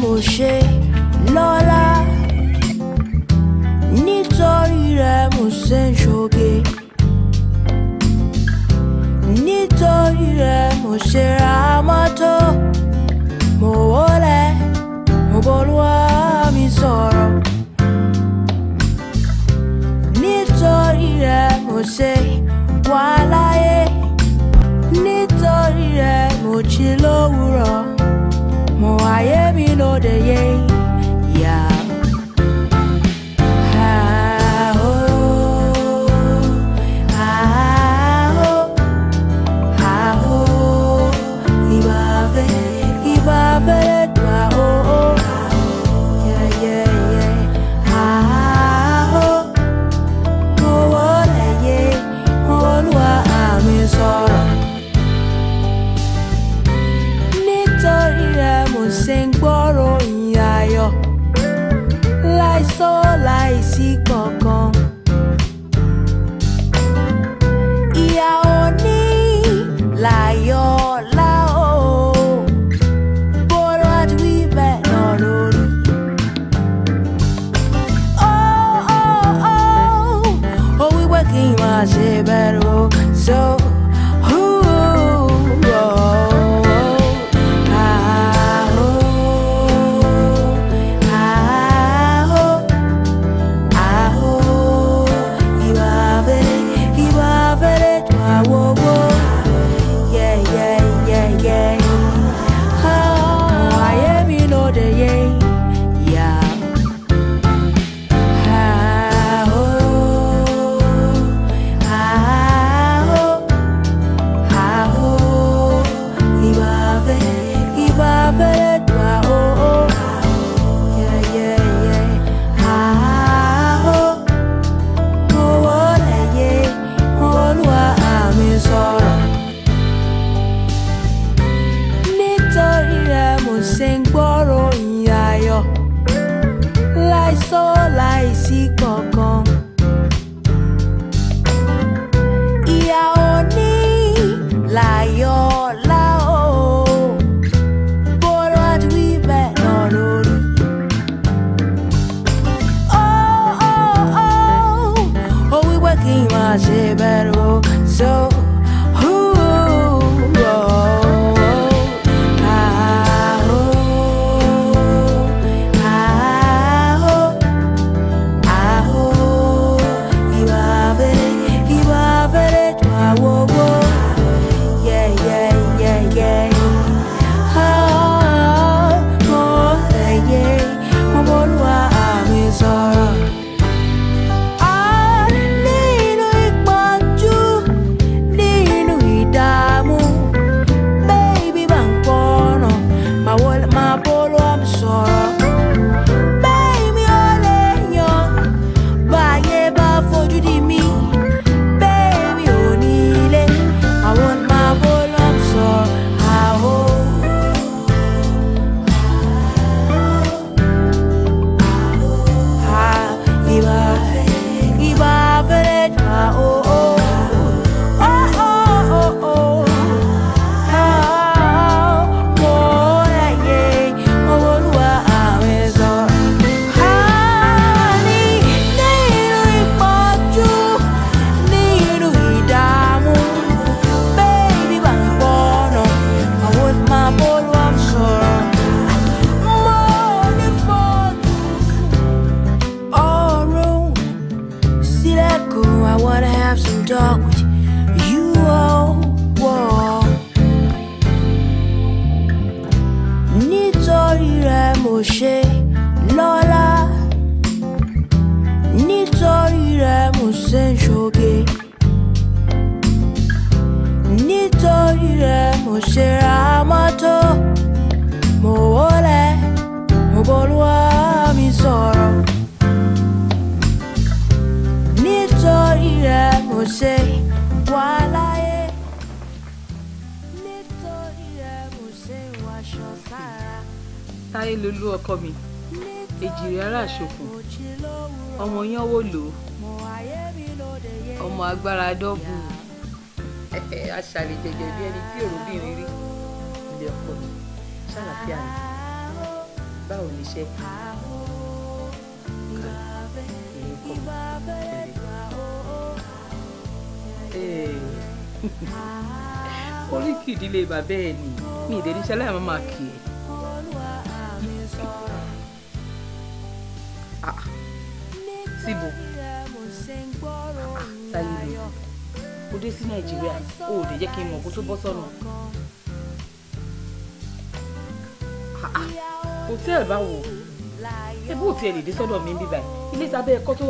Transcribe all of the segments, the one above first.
mo ṣe lọ́lá nítorí rẹ̀ mo ṣe ń ṣoge nítorí rẹ̀ mo ṣe ra mọ́tò mo wọlé mo bolúwa mi sọ̀rọ̀ nítorí rẹ̀ mo ṣe wà láyé nítorí rẹ̀ mo jí lówùrọ̀. I am in all the yeah.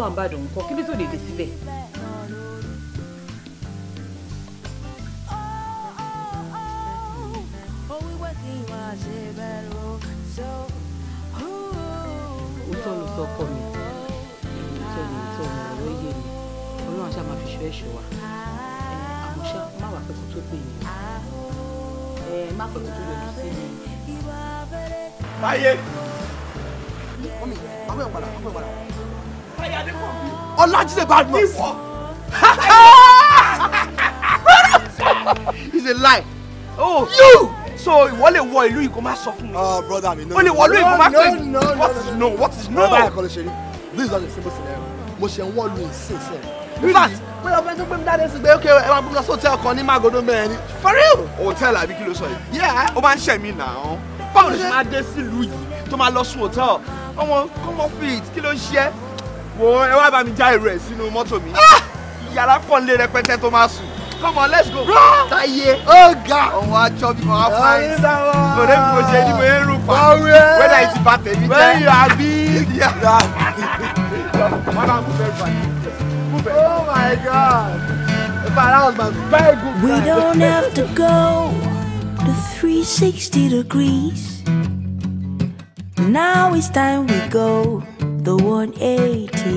wà ń bàdàn ńkọ́ kí ló tó lè dé síbẹ̀. kó má sọ fún mi. oh brother mi no. o lè wọlé ìkó má pè mí. what is no what is no. bàbá àkọlẹ̀ ṣe rí this is not a simple scenario eh? mo ṣe wọ́n lu ìsìn sẹ́ẹ̀. in fact pé ọ̀fẹ́ tó gbé mi dáadé sí pé ok ẹ máa gbé mi lọ sí hòtẹ́ẹ̀lì kan ní Magodo mẹ́rin for real. hòtẹ́ẹ̀lì àbí kí ló sọ yìí. yẹ́ẹ̀ ó máa ń ṣẹ̀mí nà án báwo ló ṣe máa dé sílùú yìí tó máa lọ sùn hòtẹ́ẹ̀lì ọmọ kọ́mọ fit kí ló ń ṣe wo ẹ wá bá mi já èrò ẹ̀ sínú mọ́tò mi ah! yàrá pọ̀ nílé rẹpẹtẹ tó máa sùn come on let's go. táyé ọ̀gá ọ̀hún àjọ bí mo á fáyé kò dé kò ṣe ní mo ń rú pa wẹ́dà ìtì bá tèmi jẹ́. wẹ́yìn àbí. mọ́nà mú bẹ́ẹ̀ bá yìí. oh my god. We don't have to go to 360 degrees. Now it's time we go the 180.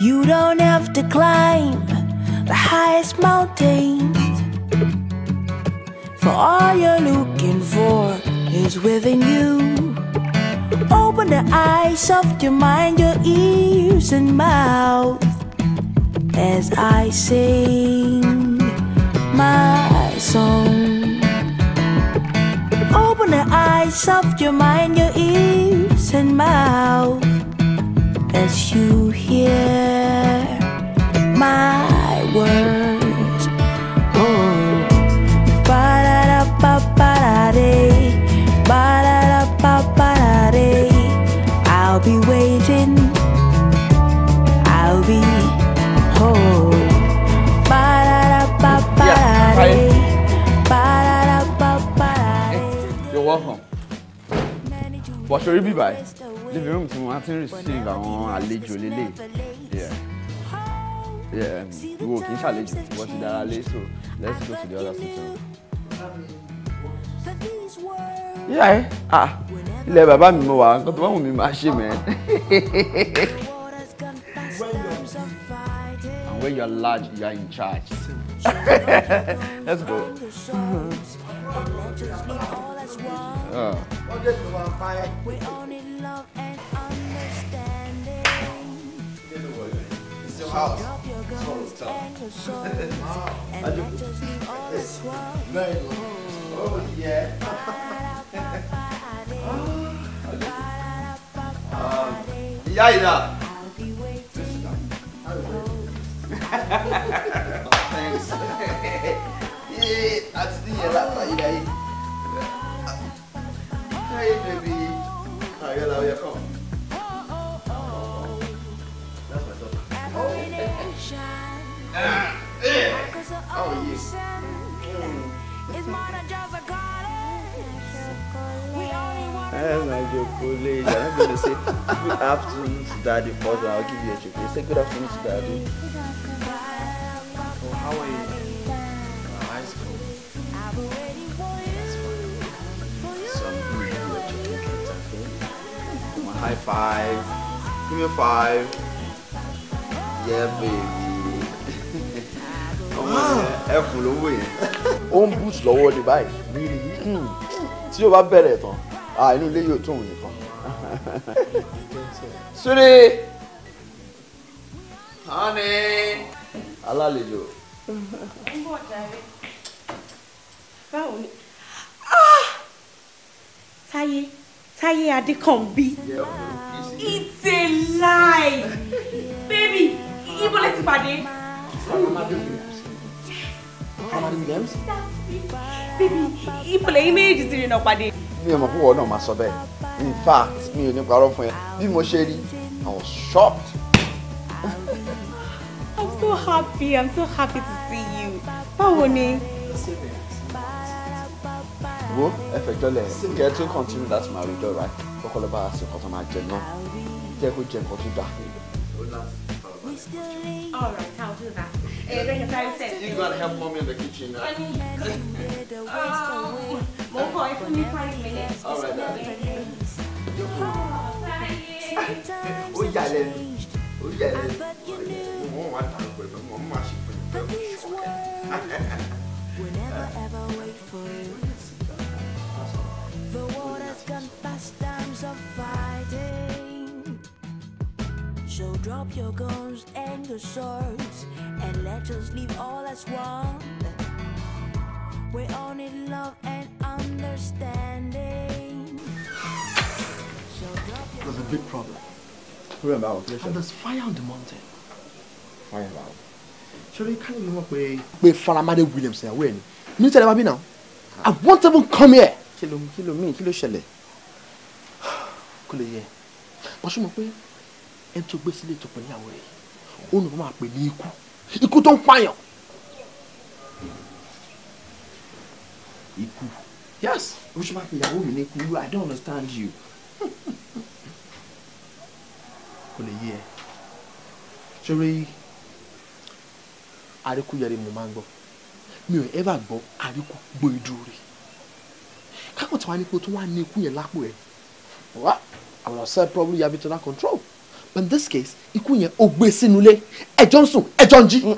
You don't have to climb the highest mountains. For all you're looking for is within you. Open the eyes of your mind, your ears and mouth as I sing my song. Open the eyes of your mind, your ears and mouth as you hear my words. Oh, ba da da ba ba da day, ba da da ba ba da day. I'll be waiting. I'll be home. Oh, ba da da ba ba da day, ba da da ba ba da day. You're welcome. should your be by? Living room tí wọ́n ti ń receive àwọn àlejò lélẹ̀. Yeah. ìwọ kì í ṣàlejò ìwọ ti dára lé so let's go to the other sitting. yíyá ẹ ah ilẹ̀ bàbá mi mo wà nǹkan tó bá wù and when you're large you're in charge. let's go. Uh. house. Holy cow. Very long. Oh, yeah. um, yeah, yeah. Thanks. yeah, that's the last time. Eh? Hey, baby. How you love your come? That's my chocolate. I'm not going to say good afternoon to daddy first, I'll give you a chocolate. Say good afternoon to daddy. Oh, how are you? Oh, ice cream. That's fine. So I'm going to give you a chocolate. Okay? High five. Give me a five yẹ bèbí ọmọ ẹkùn ló wò yẹn. ó ń bùt lọ́wọ́ ni báyìí rírì hmm. tí yóò bá bẹ̀rẹ̀ tán inú ilé yóò tún òun nìkan. Sudi honey alálejò. báwo ni ah! táyé táyé adékànbí oh, it's a lie baby ibo lẹ ti pàdé. bíbí ibo lẹ́yìn méjèèjì ti rìnà in fact mi ò ní parọ́ fún ẹ bí mo ṣe I was shocked. I'm so happy I'm so happy to see you. báwo ni. wo ẹ fẹjọ lẹ kẹ continue that marriage all right kọkọlọ bá a ṣe nǹkan to máa jẹ Take jẹ kó jẹ to tó All right, I'll do that. You gotta help mommy in the kitchen now. um, more boy, for me five minutes. All right, darling. Oh, yeah, Oh, darling. Oh, I can't wait. My mom, she's going to We'll never ever wait for you. The water's gone past times of So drop your guns and your swords and let us live all as one. We all need love and understanding. So There's a big problem. Problem about And there's fire on the mountain. Fire about. Surely you can't even walk away. Wait, Faramade Williams, now wait. You tell me now. I won't even come here. Kí ló, kí ló mean, kí ló ṣẹlẹ̀. But you know, ẹni tó gbé sílé tó níyàwó rẹ̀ òun ló máa pè ní ikú ikú tó ń pààyàn. ikú yes o ṣe máa pè ìyàwó mi ní ikú I don't understand you kò lè yé ẹ sórí àríkúyẹrẹ mo máa ń gbọ́ mi ò ẹ́ bá gbọ́ àríkú gbọ́ ìdúró rẹ̀ káwọn tí wàá ní pé tó wàá ní ikú yẹn lápò ẹ̀ wá àwọn ọ̀sẹ̀ probably you have it under control in this case ikú yẹn ó gbé sínú ilé ẹjọ́ ń sùn ẹjọ́ ń jí ó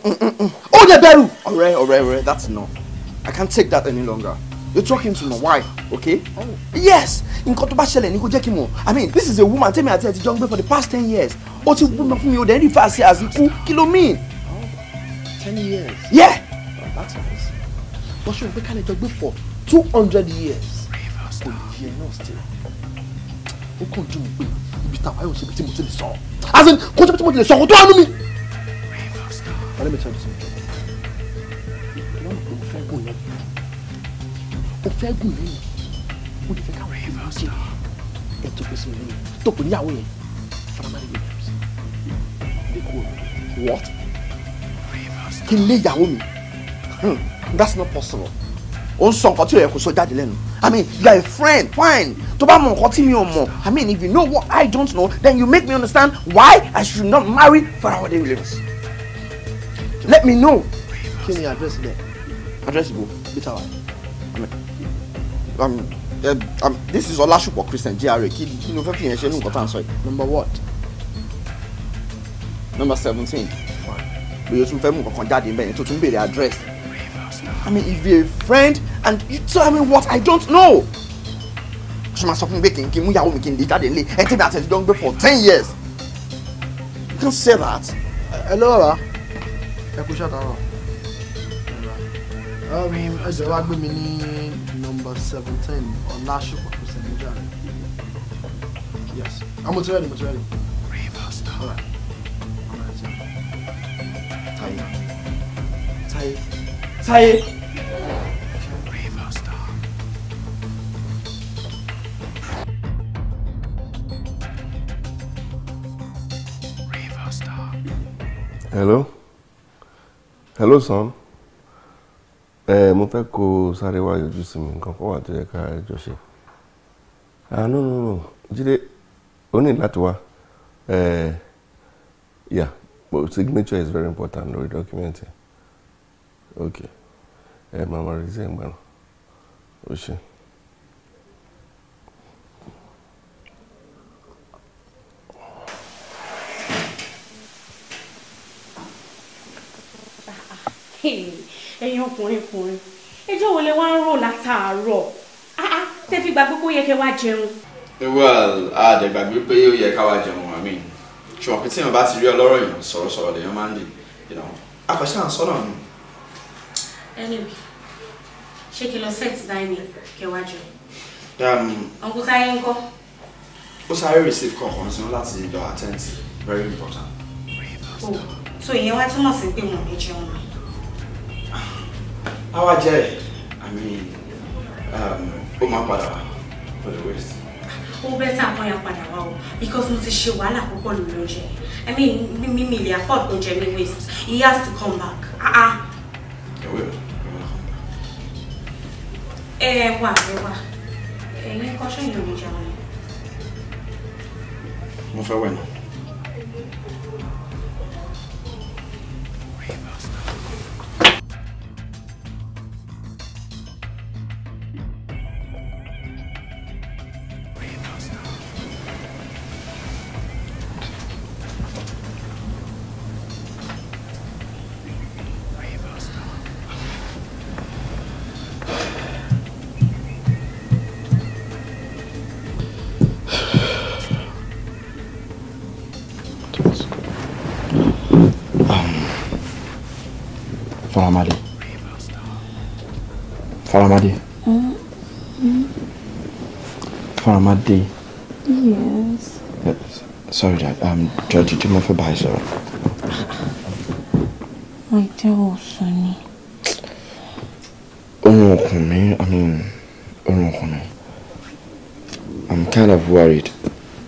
dẹ̀ bẹ̀rù. ọ̀rẹ́ ọ̀rẹ́ ọ̀rẹ́ that's enough i can't take that any longer you're talking to my wife okay oh. yes nǹkan tó bá ṣẹlẹ̀ ní kó jẹ́ kí n mọ̀ i mean this is a woman tèmi àti ẹ̀ ti jọ ń gbé for the past ten years ó ti gbúná fún mi ó dẹ̀ ń fàṣẹ àsìkú kí ló mean. Oh, ten years. yeah. Oh, that's nice. wọ́n ṣe ń gbé kálẹ̀ jọ gbé for two hundred years kò lè yẹ náà ṣe ó kàn dùn ún pé ibi tá a wáyé òṣèlú tí mo ti lè sọ as in kó tó bí tí mo ti lè sọ kó tó àánú mi. alẹ́ mi ti àdùsọ ìjọ wọn kò fẹ́ gùn yẹn o fẹ́ gùn yẹn o lè fẹ́ káwọn ẹ̀rọ ṣe ẹ̀ tó pèsè yẹn tó pè níyàwó yẹn Faramari Williams lè kú o what kí n lé ìyàwó mi hmm, that's not possible ó ń sọ nǹkan tí ò yẹ kó sọ jáde lẹ́nu. I mean, you are a friend, fine. Tó bá mọ nǹkan tí mi ò mọ̀, I mean, if you know what I don't know, then you make me understand why I should not marry Farawade Williams. Let me know. Kí ni address there? Address go, bitter one. I mean, um, eh, um, this is Olasupo Christian GRA. Kí ni o fẹ́ fi yẹn ṣe ní nǹkan tá à ń sọ yìí? Number what? Number seventeen. Bóyá o tún fẹ́ mú nǹkan kan jáde ń tó tún béèrè address. I mean, if you're a friend and you tell me what I don't know. Ṣé máa sọ fún mi pé kì í kí mú ìyàwó mi kì í lè for ten years. You can't say that. Ẹ lọ́wọ́ rà ẹ kú ṣàtàrọ̀. Ẹsẹ̀ wa gbé mi ní nọmba seventeen ọ̀la ṣùpọ̀ kò Yes, I'm not ready, rẹ́ni mo ti rẹ́ni. Rivers down. Táyé Sáyé. hello hello son Eh, mo fẹ́ kó sáré wá yọjú sí mi nǹkan kan tó yẹ ká jọ ṣe ah no no no jíde ó ní láti wá yeah but signature is very important lórí document yẹn ok ẹ máa máa resign gbàràn ó ṣe. ẹ̀yin ọkùnrin kùnrin ẹjọ́ wo lẹ wá ń rò látàárọ̀ ah, ah, tẹ́ fi gbàgbé pé ó yẹ kẹ́ wá jẹun. Eh, well àdẹ̀gbàgbé pé ó yẹ ká wá jẹun àmì ṣùgbọ́n pé tí wọn bá ti rí ọlọ́rọ̀ yẹn sọ̀rọ̀sọ̀rọ̀ lèèyàn máa ń dì àkọsílẹ̀ àǹsọ́nà mi anyway ṣé kí n lọ set dining kẹwàá Um. uncle Táyé ń kọ́. receive call kan sínú láti lọ attend very important. oh so ìyẹn wá túmọ̀ sí pé wọn ò ní jẹun náà. àwa jẹ́ ẹ̀ àmì ó máa padà wá for the waste ó bẹ́tà kan yà padà wá o because mo ti ṣe wàhálà púpọ̀ lórí oúnjẹ i mean mímí ilé afford oúnjẹ mi waste he has to come back ah uh ah -uh ẹ̀wẹ̀ ẹ wà ẹ wà ẹ̀yin kọ́ṣẹ́ ìyẹn ò ní jẹun. mo fẹ́ wẹ̀ náà. Faramade. Faramade. Mm. Mm. Faramade. Yes. Uh, sorry, Dad. Um, Dad, did you move for sir? My dear old Sonny. Oh, me. I mean, oh, me. I'm kind of worried.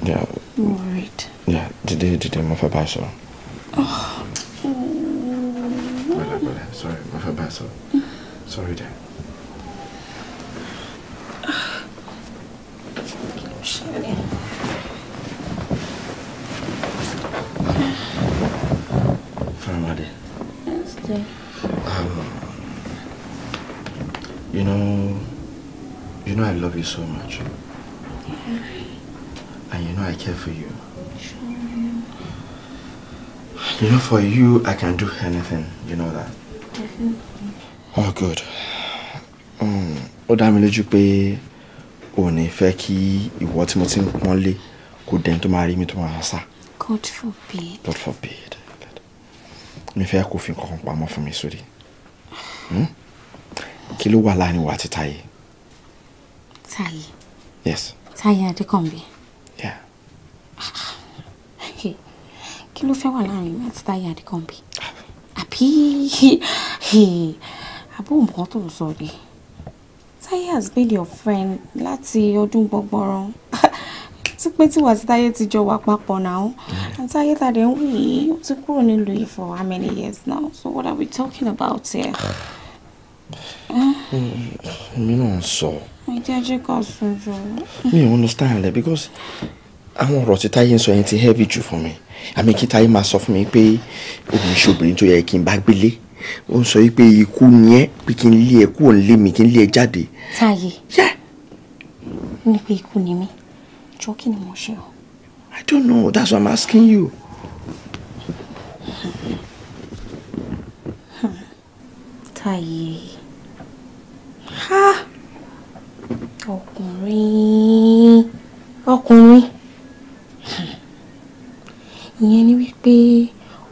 Yeah. Worried. Yeah. Did they, did they move sir? care for you. Sure. You know, for you, I can do anything. You know that. Definitely. Oh, good. Oda hmm. dá mi lójú feki ò ní fẹ́ kí ìwọ tí God forbid. God forbid. Mi fẹ́ kó fi nǹkan pamọ́ fún mi sórí. Hmm? Kí ló wà láàrin wa àti Táyé? Táyé. Yes. Táyé Adékànbí kí ló fẹ́ wà láàrin mi àti táyà àdìkànbí àbí àbúrò tó sọ ni táyà has been your friend láti ọdún gbọgbọrọ ti pé tí wàá ti jọ wà papọ̀ náà and tàdé ń wí ó ti kúrò nílùú yìí for how many years now so what are we talking about here. Hmm, mi náà sọ. ìjẹ́jẹ́ kan sùn mi ò understand it because àwọn ọ̀rọ̀ tí táyé ń sọ yẹn ti heavy jù fún mi àmì kí táyé máa sọ fún mi pé òun ṣe obìnrin tó yẹ kí n bá gbélé ó ń sọ yìí pé ikú ni ẹ pé kí n lé ẹ kúrò nílé mi kí n lé ẹ jáde. táyé ó ní pé ikú ni mí jọ kí ni mo ṣe o. I don't know that's why I'm asking you. táyé ọkùnrin ọkùnrin ìyẹn ni wípé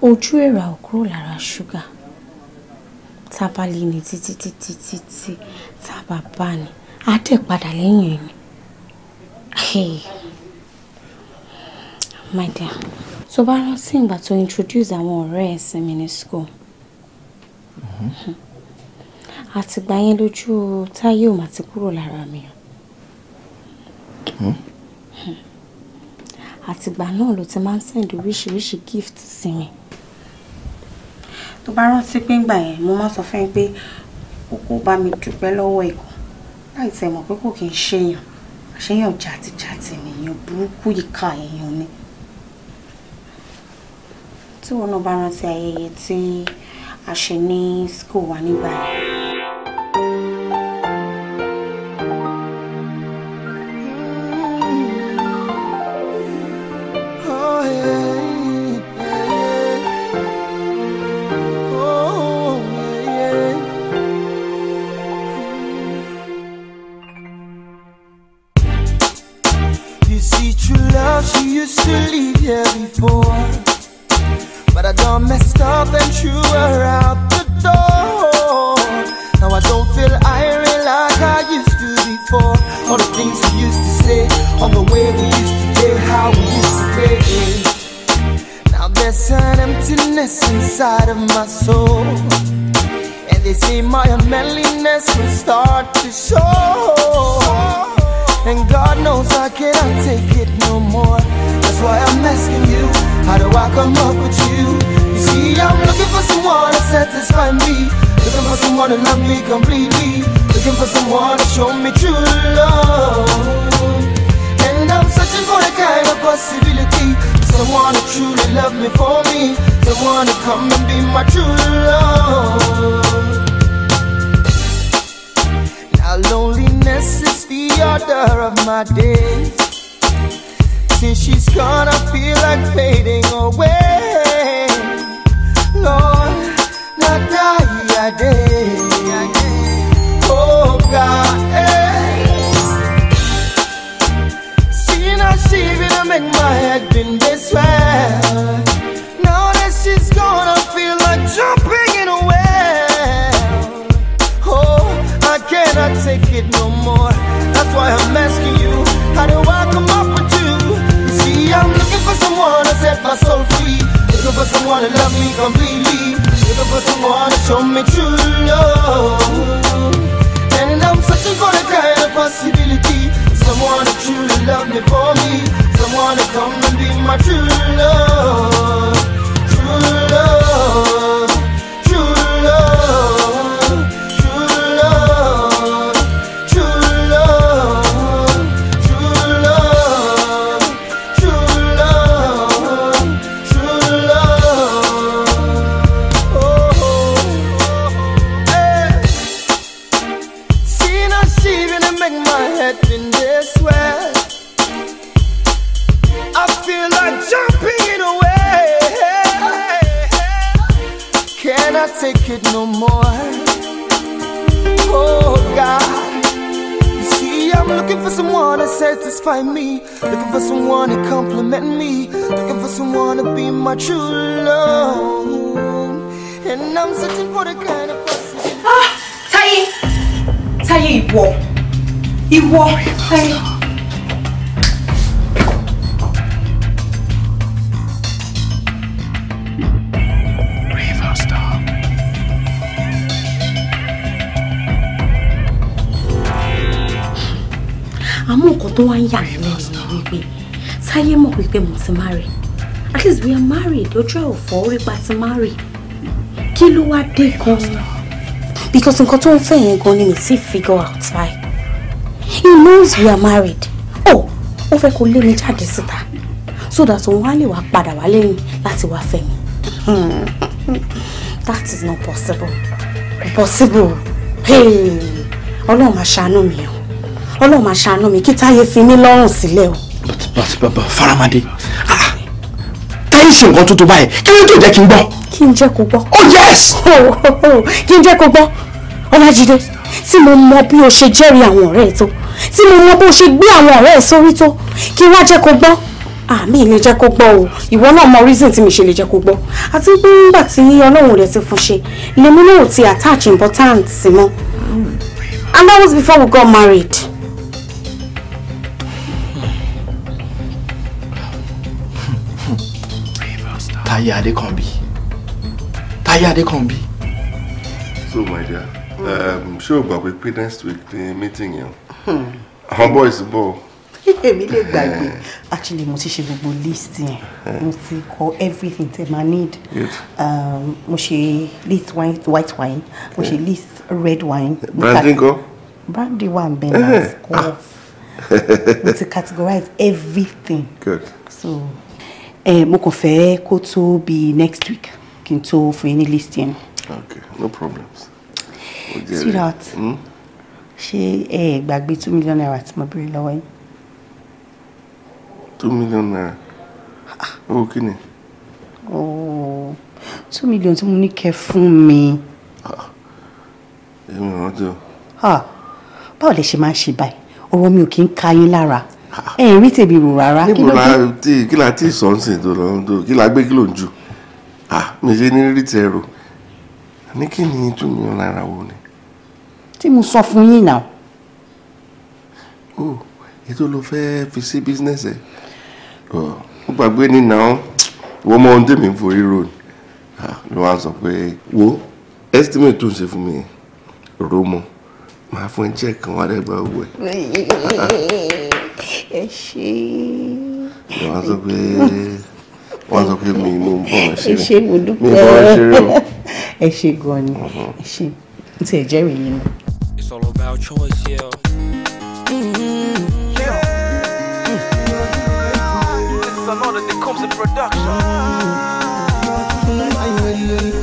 ojú èèrà ò kúrò lára ṣúgà tá a bá lè ní títí títí títí tá a bá bá lẹ́yìn ẹ̀ ni. my dear tó bá rántí ìgbà tó introduce àwọn ọ̀rẹ́ ẹ̀ sí mi ní school mm-hmm. àtìgbà yẹn lójú Táyé ò mà ti kúrò lára mi. Mm-hmm àtìgbà náà ló ti máa ń send oríṣiríṣi gift sí mi tó bá rántí pé ńgbà yẹn mo máa sọ fún pé kókó bá mi dúpẹ́ lọ́wọ́ ẹ̀kọ́ láì tẹ̀ mọ̀ pé kò kí n ṣèyàn ṣèyàn jàtìjàtì nìyẹn burúkú ìka èèyàn ni tí wọn náà bá rántí ayẹyẹ tí a ṣe ní school wa nígbà yẹn. Looking for someone to compliment me Looking for someone to be my true love And I'm searching for the kind of person Ah! Táyé! Táyé ìwọ! Ìwọ! Táyé! àmọ́ nǹkan tó wá ń yà mí táyé mọ̀ pé mo ti marry at least we are married ojú ẹ̀ ò fọ́ orí pa ti marry kí ló wá dé gan because nǹkan tó ń fẹ́ yẹn gan-an ni mi ti figure out báyìí he knows we are married oh ó fẹ́ kó lé mi jáde síta so that òun wá lè wá padà wá lẹ́yìn láti wá fẹ́ mi hmm. that is not possible impossible hey ọlọ́run máa ṣàánú mi o ọlọ́run máa ṣàánú mi kí táyé fi mí lọ́rùn sílẹ̀ o faramade táyé ah, ṣe nǹkan tuntun báyìí kí ló tó jẹ́ kí n gbọ́. kí n jẹ́ kó gbọ́. oh yes. Oh, oh, oh. kí n jẹ́ kó gbọ́ ọlájídé tí mo mọ bí o ṣe jẹ́rìí àwọn ọ̀rẹ́ ẹ̀ tó tí mo mọ bó ṣe gbé àwọn ọ̀rẹ́ ẹ̀ sórí tó kí wá jẹ́ kó gbọ́ àmì ìlẹ̀ jẹ́ kó gbọ́ o ìwọ náà mọ reason tí mi ṣe lè jẹ́ kó gbọ́ àti pé nígbà tí ọlọ́run rẹ̀ ti fún ṣe lèmi náà ti attach important sí mọ́ and that was before we got married. ayé adékànbí táyé adékànbí. so my dear um, ṣé o gbà pé pé next week ni meeting yẹn àwọn boys bọ̀. èmi lè gbàgbé actually mo ti ṣe gbogbo list yẹn mo ti kọ everything tí ma need um, mo ṣe list wine white wine mo ṣe list red wine. Branding go. brandy one ń bẹ̀rẹ̀ eh, eh, of course ah. mo ti categorize everything. good. so ẹ eh, mo kàn fẹ́ kó tó bí next week kí n tó fún yín ní list yẹn. okay no problems. sweetheart hmm? ṣé ẹ gbàgbé two million naira tí mo béèrè lọ́wọ́ yín. two million naira ah. owó kí ni. Oh, two million tí mo ní kẹ́ fún mi. Ah. èmi ò rántí o. Ah, báwo lẹ ṣe máa ń ṣe báyìí ọ̀rọ̀ mi ò kí ń ka yín lára ẹ rí tèmi rò rárá kí ló dé. kí la ti sọ nsìn tó lọ tó kí la gbé kí ló ń jù mi ṣe ní rí tẹ rò ní kí ni tún mi rárá wo ni. tí mo sọ fún yín náà. o ètò ló fẹ́ fi sí bísínẹ́sì ẹ̀ ó gbàgbé ní náà wọ́n mọ ohun tèmi ń forí rò ni ló wá sọ pé wo estimate tó ń ṣe fún mi rò mọ́ màá fún ẹ jẹ́ kan wá dẹ́gbàá owó ẹ̀. ẹ ṣe. ìwà sọ pé wọ́n sọ pé mi inú ń bọ̀ wá ṣeré ẹ ṣe mo dúpẹ́ mi bọ̀ wá ṣeré o. ẹ gan ni uh-huh. ẹ n tiẹ̀ jẹ́rìí yín náà. It's all about choice, yeah. Mm-hmm. another that comes in production. Mm-hmm.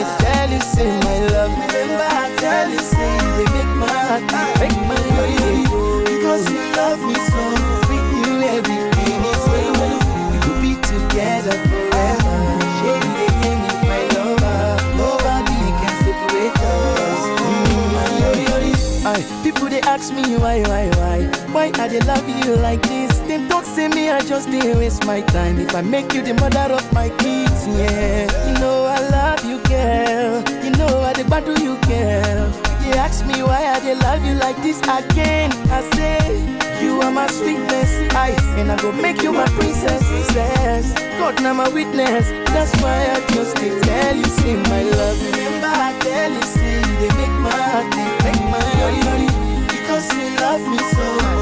you, tell you, say my love. Remember, I tell you, say you they make my heart make my body. Because you love me so, with you everything is well. We could be together forever. Shake the my lover. Nobody can separate us. mm people they ask me why, why, why, why I they love you like this? They don't say me, I just they waste my time. If I make you the mother of my kids, yeah, you know love you, girl. You know I dey gbadu you, girl. You ask me why I dey love you like this again. I say you are my sweetness, I and I go make you my princess. Yes, God now my witness. That's why I just dey tell you, see my love. Remember I tell you, see they make my heart, they make my body, because you love me so.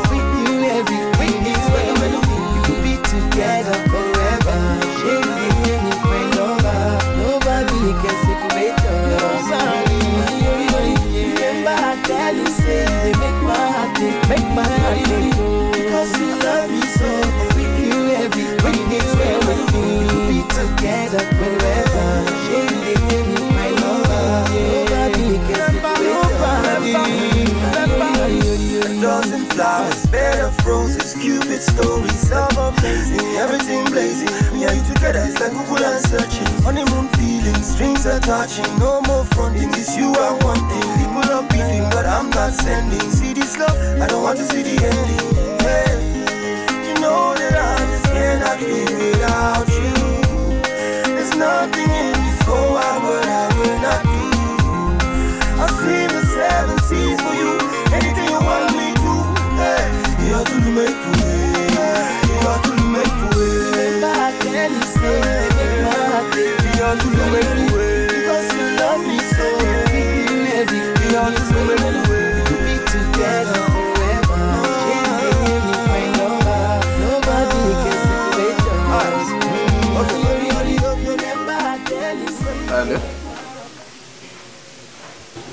Beg Google and searching. Honeymoon feeling, strings are touching. No more fronting, it's you are want thing. People are beating, but I'm not sending. See this love, I don't want to see the ending. Hey, you know that I just cannot live without you. There's nothing in this whole world what I will not do. I'll see the seven seas for you. Anything you want me to, hey, you have to make you.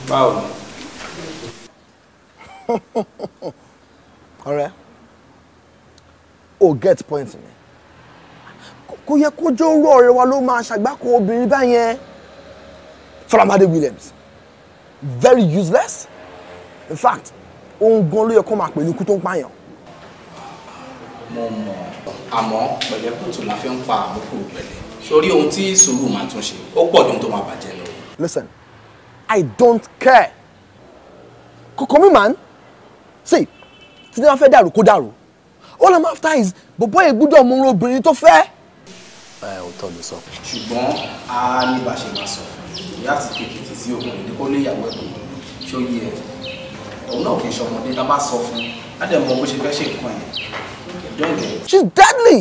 báwo ni. ọ̀rẹ́ o get point mi kò yẹ kó jó rú ọ̀rẹ́ wa ló máa ṣàgbákò obìnrin báyẹn Faramade Williams very useless in fact ohun gan ló yẹ kó máa pẹ̀lú ikú tó ń pààyàn. mo mọ àmọ́ pẹ̀lẹ́kùtù la fi ń pa àmúkù pẹ̀lẹ́ sórí ohun tí sùúrù máa tún ṣe ó pọ̀ ju tó máa bàjẹ́ lọ. listen I don't care. Kò kàn man. See, tí ní wọ́n fẹ́ dàrú kó dàrú. All I'm after is bọ̀bọ́ yẹn gbúdọ̀ mú un obìnrin tó fẹ́. Ẹ ò tọ́ ló sọ. Ṣùgbọ́n a ní bá ṣe máa sọ. Ìyá àti kékeré sí obìnrin ní kó lé ìyàwó ẹ̀kọ́ ṣó yí ẹ̀. Òun náà kì í ṣọmọdé tá a bá sọ fún. Á dẹ̀ bó ṣe fẹ́ ṣe nǹkan yẹn. She's deadly.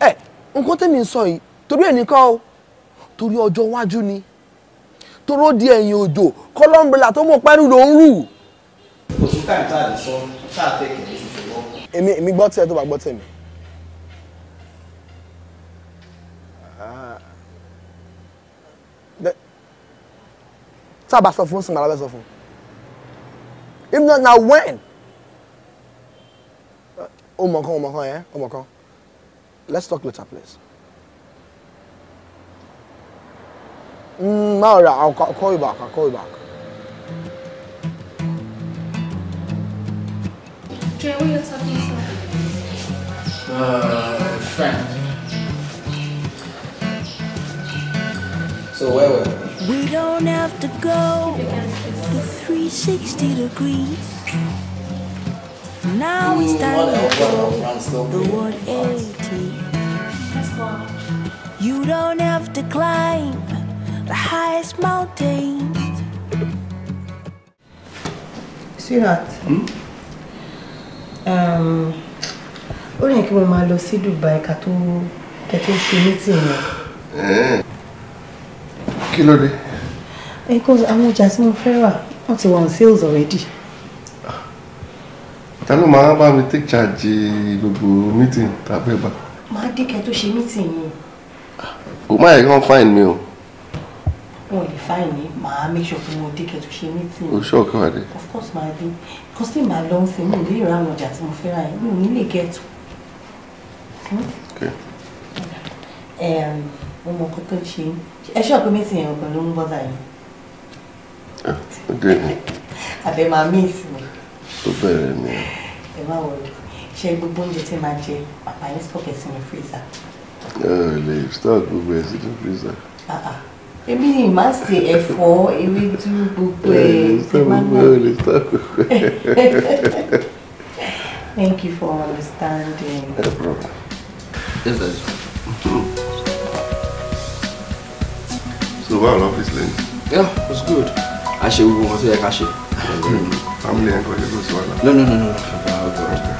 Ẹ nǹkan tẹ́mi sọ yìí torí ẹ̀ nìkan o torí ọjọ́ iwájú ni toró di ẹ̀yìn òjò kọ́lọ́mbìlà tó mọ̀ pẹ́rù ló ń rù. oṣù káìntà lè sọ ṣáà tẹ̀kẹ̀ ní ṣùgbọ́n. èmi èmi gbọ́ tiẹ̀ tó bá gbọ́ tèmi. tá a bá sọ fún sinmi alábẹ́ sọ fún if not na when o mọ̀ kan o mọ̀ kan ẹ̀ o mọ̀ kan let's talk later please. Mm, all right, I'll call you back. I'll call you back. are you talking to? Uh, friend. So where were we? We don't have to go to 360 degrees. Now we start to go the 180. You don't have to climb the highest mountains. Sweetheart. Hmm? Um, ó yẹ kí mo máa lọ sí Dubai ká tó ká tó ṣe meeting yẹn. Eh. Kí ló dé? Because àwọn ọjà tí mo fẹ́ rà wọ́n ti wà on sales already. Ta ló máa bá mi take charge gbogbo meeting tàbí ẹ̀bà? Máa dé kẹ́ tó ṣe meeting yẹn. Kò ah, má yẹ kí wọ́n fine mi o wọn lè fáìn ní màá make sure pé mo dé kẹtù ṣe meeting. o sure kí wàá dé. of course màá dé because tí màá lọ ń sin mi ò lè ra àwọn ọjà tí mo fẹ́ ra yẹn mi ò ní lè hmm? kẹtù. mo mọ nǹkan tó ń ṣe ẹ ṣọ́ pé meeting yẹn ọ̀gbọ̀n ló ń bọ́dà yẹn. àbẹ máa meet mi. tó bẹ̀rẹ̀ ni. ẹ má wọlé ṣe gbogbo oúnjẹ tí màá jẹ bàbá yín stop ẹ sínú freezer. ẹ ah, ò lè stop gbogbo ẹ sínú freezer. Ah, ah ebi ni ma ṣe ẹ̀fọ́ ewédú gbogbo ẹ ṣe má náà. Thank you for understanding. No problem. Yes, that's So báwo lọ ọ́fíìsì lẹ́yìn? Yeah, it was good. A ṣe gbogbo nǹkan tó yẹ ká ṣe. Family ẹ̀ ń kọ́ ṣe kó sí No, no, no, no, no, no, no, no.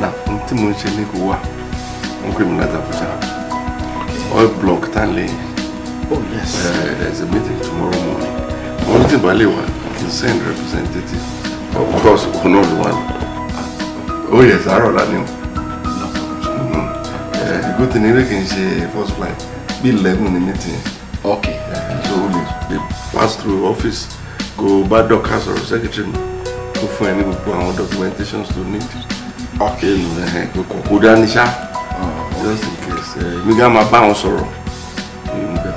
Na ohun tí mo ń ṣe ní kò wà, wọ́n pè mí láti Abuja. Oil block tá lẹ́yìn. Oh, yes. Uh, there's a meeting tomorrow morning. Only thing by can send representatives. Of course, we're not the one. Oh, yes, I wrote that mm-hmm. uh, The Good thing we can see first flight. Be 11 in the meeting. Okay. Uh, so we pass through office, go back to council secretary, to find any people and documentations to need. Okay. Go Kokodanisha. Oh, Just in case. Uh, Mi ga ma bá wọn sọ̀rọ̀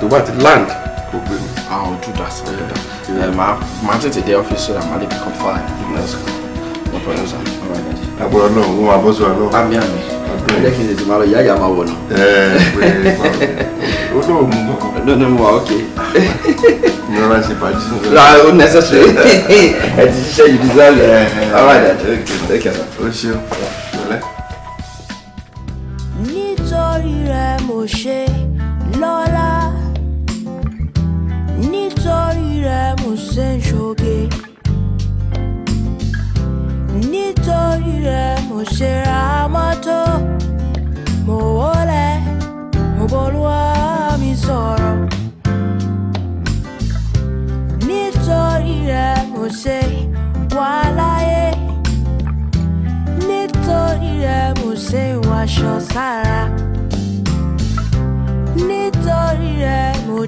tó bá ti land kò gbé mi. àwọn ojú dà sí ojú dà ẹ máa máa tètè dé ọ́fíìsì rẹ̀ máa lè bí kọ́ńfà ìgbésẹ̀ no problem sir all right daddy. agbọ̀rọ̀ náà wọ́n máa bọ́ sí wa náà. àmì àmì ọdún yìí tètè máa lọ yá ìyá máa wọ̀ náà. ẹ ẹ pé ó lóò mú kankan. lónìí mo wà ókè. mi rọra ṣe fàájì. ra o necessary ẹ ti ṣiṣẹ́ yìí deserve it. all right daddy take care sir. o ṣeun pẹ̀lẹ́. nítorí rẹ̀ mo ṣe lọ́la nítorí rẹ mo ṣe ń ṣoge nítorí rẹ mo ṣe ra mọ́tò mo wọlé mo bolúwa mi sọ̀rọ̀ nítorí rẹ mo ṣe wà láyé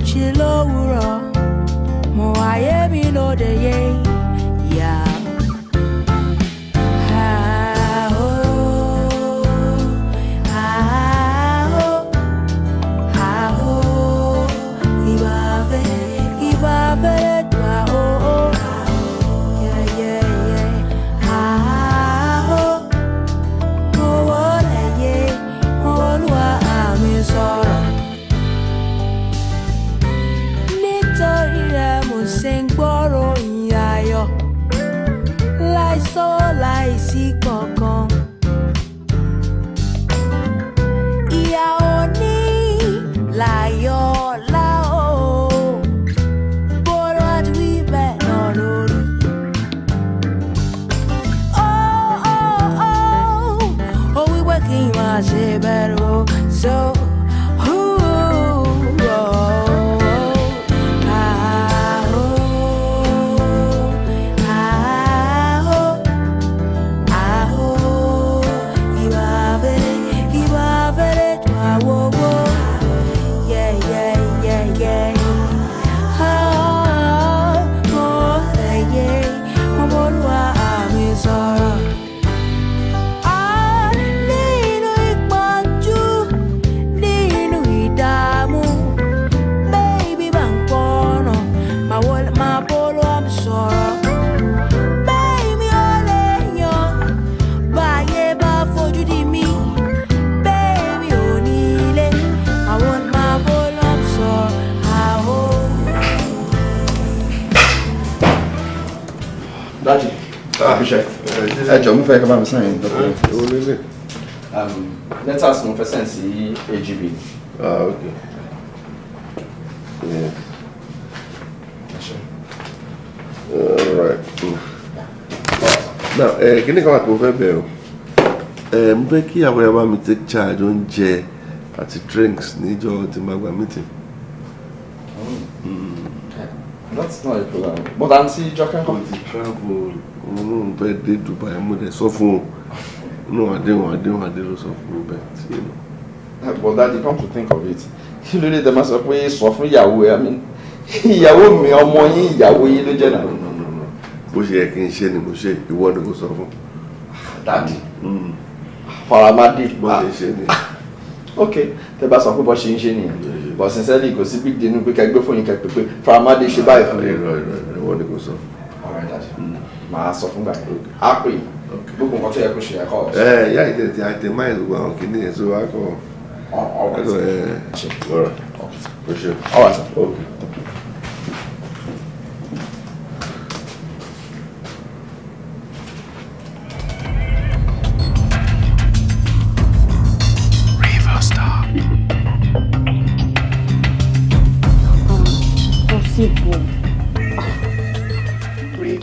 jí lówùrọ̀ mo ayé mi lóde yé yeah. fẹ́ kí bá mi sign document. Ah, owó lélẹ̀. Um, letters mo fẹ́ send sí AGB. ah ok. Yeah. All right. Now, ẹ eh, kí ni káwá tó fẹ́ bẹ̀rù? Ẹ eh, mo fẹ́ kí àwọn yàrá mi take charge oúnjẹ àti drinks níjọ́ tí màá gba meeting. Hmm. Hmm. That's not a problem. But àǹtí Jọ́kẹ́ kọ́. Mo mo ń fẹ́ dé Dubai mo dẹ̀ sọ fún un inú àdéhùn àdéhùn àdéhùn ló sọ fún mi bẹ́ẹ̀ tí ì lọ. Ah, but daddy come to think of it kí ló dé tẹ máa sọ pé sọ fún ìyàwó ẹ ìyàwó mi ọmọ yín ìyàwó yín ló jẹ́ náà. bó ṣe yẹ kí n ṣe ni mo ṣe ìwọ ni kò sọ fún. daddy mm. faramadi. bó ṣe ah. ṣe ni ok tẹ bá sọ pé bó ṣe ń ṣe nìyẹn but sincerely kò sí big deal nínú pé kẹgbẹ́ fún yín kẹgbẹ́ pé faramadi ṣe báyìí fún yín. ìrọ̀ ìrọ̀ ìwọ ni kò sọ fún màá sọ fún gbàgbé á pè gbogbo nǹkan tó yẹ kó ṣe ẹ̀kọ́ ọ̀sán. ẹ yá ìdí ti àti máì lù wọn kì í ní èso akọ. ọ̀rọ̀ ẹ̀ ṣe. ọ̀rọ̀ ẹ̀ ṣe. ọ̀rọ̀ ẹ̀ ṣe.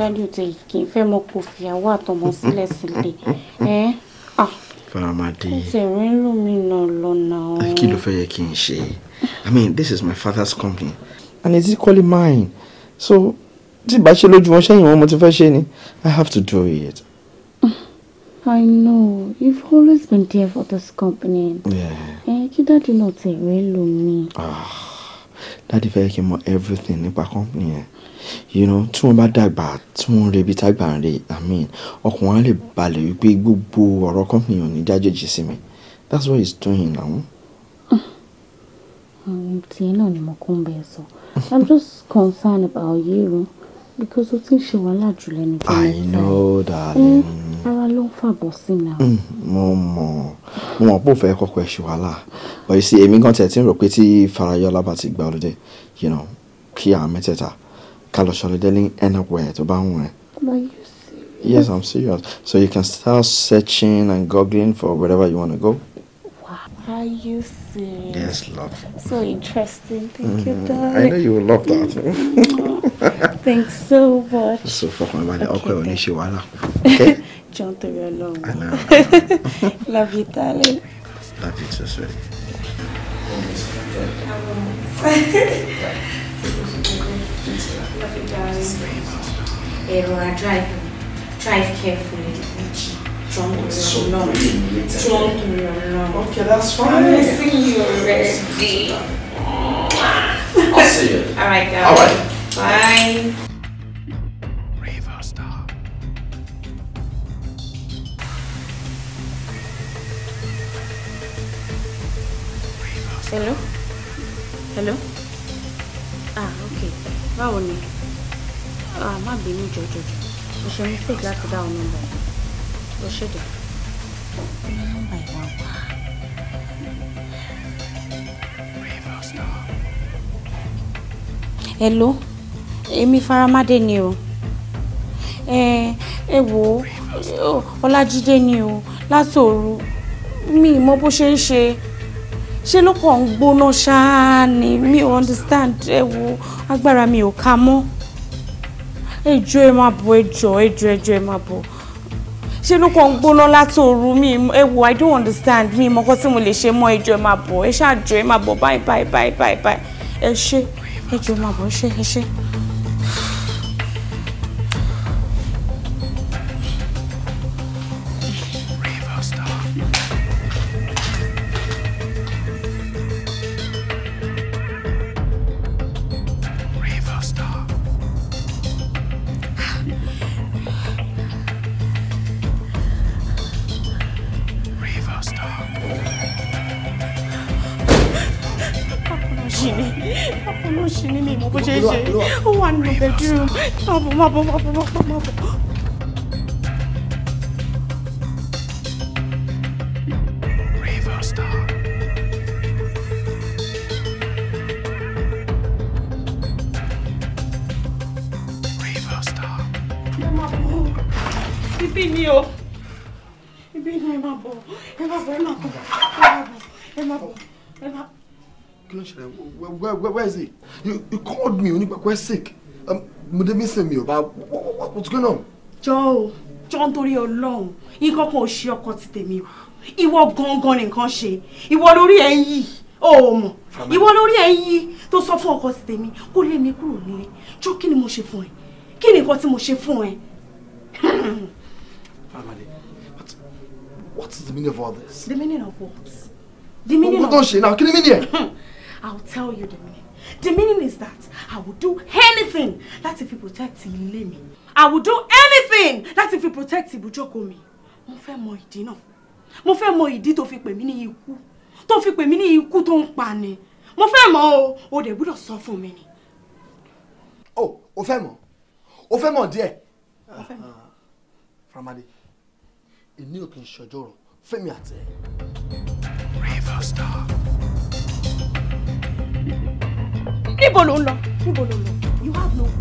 dájú tẹ kì í fẹ́ mọ kò fìyàwó àtọmọ sílẹ̀ sílẹ̀ ẹ́ faramade ìṣẹ̀rẹ́ ń lù mí nà lọ́nà o. kí ló fẹ́ yẹ kí n ṣe i mean this is my father's company and it's equally mine so tí ìbá ṣe lójú wọn ṣẹ́yìn wọn mo ti fẹ́ ṣe ni i have to do it. I know. You've always been there for this company. Yeah. Eh, kí dáàdi náà tẹ̀ rẹ́ lómi. Dáàdi fẹ́ kí n mọ everything nípa company yẹn you know tí wọ́n bá dàgbà tí wọ́n rebi tágbà ń re i mean ọkàn wọn á lè balẹ̀ wípé gbogbo ọ̀rọ̀ company ò ní dájèjì sí mi that's what he's doing now. Mm, tiẹ̀ náà ni mo kún bẹ́ẹ̀ sọ i'm just concerned about you because o ti ń ṣe wàhálà jù lẹ́nu tó mẹ́ta i know eh, darling. ara ló ń fàbọ̀ sí náà. Mm, mo mọ̀ mo mọ̀ pé ó fẹ́ kọ́kọ́ ẹ̀ ṣe wàhálà but you see èmi gan tẹ̀ tí ń rò pé tí farayọ́lá bá ti gba ọlọ́dẹ you know kí àwọn mẹ́tẹ̀ẹ̀ta ká lọ Ṣọlidé anywhere tó bá wù ẹ́. Yes, I'm serious. So you can start searching and googling for wherever you want to go. Wow. Are you serious? Yes, love. So interesting. Thank mm, you, mm-hmm. darling. I know you will love that. Thanks so much. So fuck my body. Okay, okay then. Okay? John I know. I know. love you, darling. Love you too, sweetie jàre I eh, drive drive carefully trump ọlọ́run trump ọlọ́run okay that's fine i'm missing you already. I'll see you. All right, guys. All right. Bye. Hello? Hello? Ah, okay. are you? ah má bínú jọjọjọ mo ṣe mistake láti dá ọ nọ́mbà ẹ o ṣe dẹ. nọ́mbà hello èmi faramade ni o ẹ ẹ wò ó ọlájídé ni o látòru mi mọ bó ṣe ń ṣe ṣe ló kàn ń gbóná ṣáá ni mi understand ẹ wò agbára mi ò ká ẹjọ́ ẹ máa bọ̀ ẹjọ́ ẹjọ́ ẹjọ́ ẹ máa bọ̀ ṣé ló kàn ń gbóná látòru mi ẹ i don't understand mi mọ́kọ́ tí mo lè ṣe mọ́ ẹjọ́ ẹ máa bọ̀ ẹ ṣáà jọ ẹ máa bye bye bye. báyìí báyìí ẹ ṣe ẹjọ́ ẹ máa bọ̀ ẹ ṣe ẹ ṣe. Má bọ̀, má bọ̀, má bọ̀, má bọ̀, má bọ̀. Ibi ni o. Ibi ni ẹ Where is he? You, you called me, onígbàgbọ́ ẹ sick débí sìn mi ò bá what's going on. Joe, John jọ nítorí Ọlọ́run nǹkan kan ò ṣe ọkọ ti tèmi o ìwọ gangan nìkan ṣe ìwọ lórí ẹ ń yí o ò mọ ìwọ lórí ẹ ń yí tó sọ fún ọkọ ti tèmi kó lé mi kúrò nílé jọ kí ni mo ṣe fún ẹ kí ni nǹkan tí mo ṣe fún ẹ. Faramade, but what is the meaning of all this? The meaning of what? The meaning of what of... What don't she now? Kí ni meaning ẹ? I'll tell you the meaning. The meaning is that I will do anything láti fi protect ilé mi. I will do anything láti fi protect ibùjókòó mi. Mo fẹ́ mọ ìdí náà. Mo fẹ́ mọ ìdí tó fi pè mí ní ikú. Tó fi pè mí ní ikú tó ń pa ni. Mo fẹ́ mọ̀ o, o dẹ̀ gbúdọ̀ sọ fún mi ni. O, oh, o fẹ́ mọ̀. O fẹ́ mọ̀ díẹ̀. O fẹ́ mọ̀. Faramade, ìní òkè ìṣọjọ́ River Star. níbo ló ń lọ níbo ló ń lọ you have no way.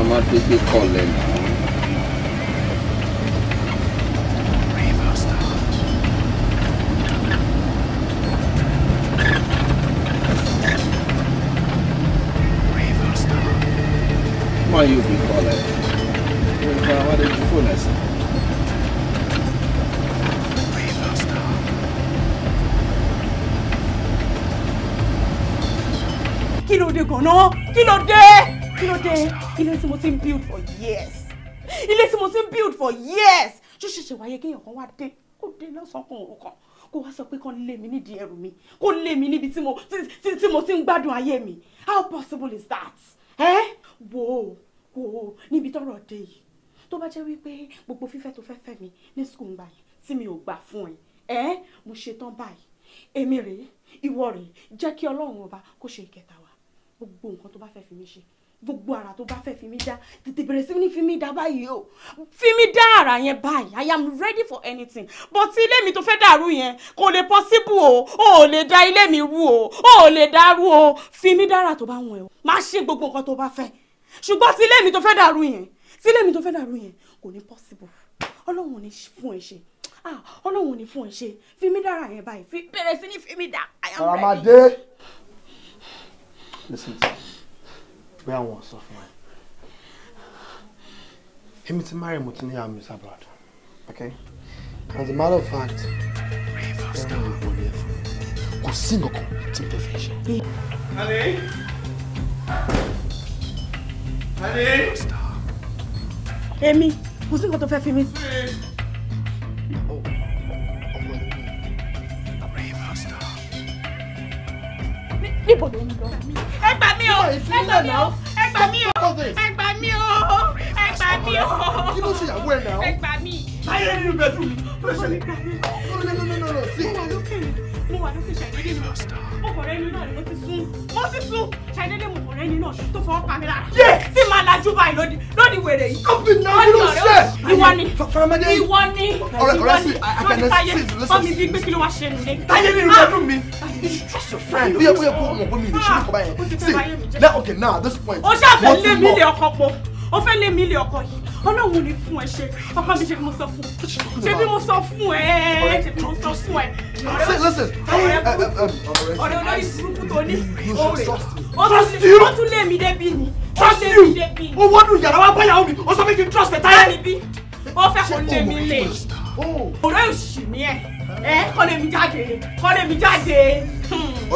Amadede kọlẹ̀ náà. Why you be calling? Why did you phone us? kí ló dé gan-an kí ló dé kí ló dé ilé tí mo ti ń build for years ilé tí mo ti ń build for years ṣó ṣẹ̀ṣẹ̀ wáyé kéèyàn kan wá dé kó dé lọ́sàn-án kan òru kan kó wá sọ pé kó lé mi nídìí ẹrù mi kó lé mi níbi tí mo tí mo ti ń gbádùn ayé mi how possible is that ẹ wo wo níbi tọ́rọ̀ dé yìí tó bá jẹ́ wípé gbogbo fífẹ́ tó fẹ́ fẹ́ mi ní skul gbà yẹn tí mi ò gbà fún ẹ ẹ mo ṣetán báyìí èmi rèé ìwọ rèé jẹ́ kí Ọlọ́run ọba kó ṣe ìkẹta wa gbogbo nǹkan tó bá fẹ́ fi mí ṣe gbogbo ara tó bá fẹ́ fi mí dá tètè bẹ̀rẹ̀ sí ní fi mí dá báyìí o fi mí dá ara yẹn báyìí i am ready for anything but ilé mi tó fẹ́ dàrú yẹn kò lè possible o o ò lè da ilé mi rú o o ò lè dàrú o fi mí dára tó bá wọn ẹ o má ṣe gbogbo nǹkan tó bá fẹ́ ṣùgbọ́n tí ilé mi tó fẹ́ dàrú yẹn tí ilé mi tó fẹ́ dàrú yẹn kò ní possible ọlọ́run ní fún ẹ ṣe ah, ọlọ́run ní fún ẹ ṣe fi mí dára yẹn báyìí bẹ̀rẹ̀ sí ní fi mí dá i am ready listen to me pé àwọn sọ fún ẹ èmi ti marry mo ti ní àmì abroad okay as a matter of fact kò sí nǹkan tí mo fẹ́ ṣe. honey honey. èmi kò sí nǹkan tó fẹ́ fi níbo ló ń lọ. ẹ gbà mí o ẹ gbà mí o ẹ gbà mí o ẹ gbà mí o ẹ gbà mí o. kí ló ṣe ìyàwó ẹ náà. ẹ gbà mí. ayé nínú bẹ́ẹ̀ tún mi. no no no no no sí mo wà lókè ṣàdédé ni mo kọ̀ rẹ́ inú náà ni mo ti sún mo ti sún ṣàdédé mo kọ̀ rẹ́ inú náà tó fọwọ́ pa mi lára tí màá lajú báyìí lódì lódì wèrè yìí. kọ́pì náà ló ń ìwọ ni ìwọ ni ìwọ ni lórí táyé fọmi bí gbé kí ló wá ṣe nílé. táyé nínú ẹdún mi trust your friend. Ah! bóyá bóyá kó mọ̀ pé mi lè ṣe é kọ́ see now okay now at this point. Oh, she lé mi lé ọkọ̀ pọ̀ Oh, she lé mi lé ọkọ̀ yìí ọlọ́run ní fún ẹ ṣe ọkọ mi ṣe bí mo sọ fún ṣe bí mo sọ fún ẹ ṣe bí mo sọ fún ẹ. ọ̀rẹ́ olórí burúkú tó ní ọ̀rẹ́ ó tún lé mi débi ni lé mi débi ni. owó dùn yàrá wa báyàwó mi ó sọ pé kí n trust ẹ táyà. níbi ó fẹ́ kó lé mi lé ọ̀rẹ́ òṣì ni ẹ kọ́ lé mi jáde kọ́ lé mi jáde.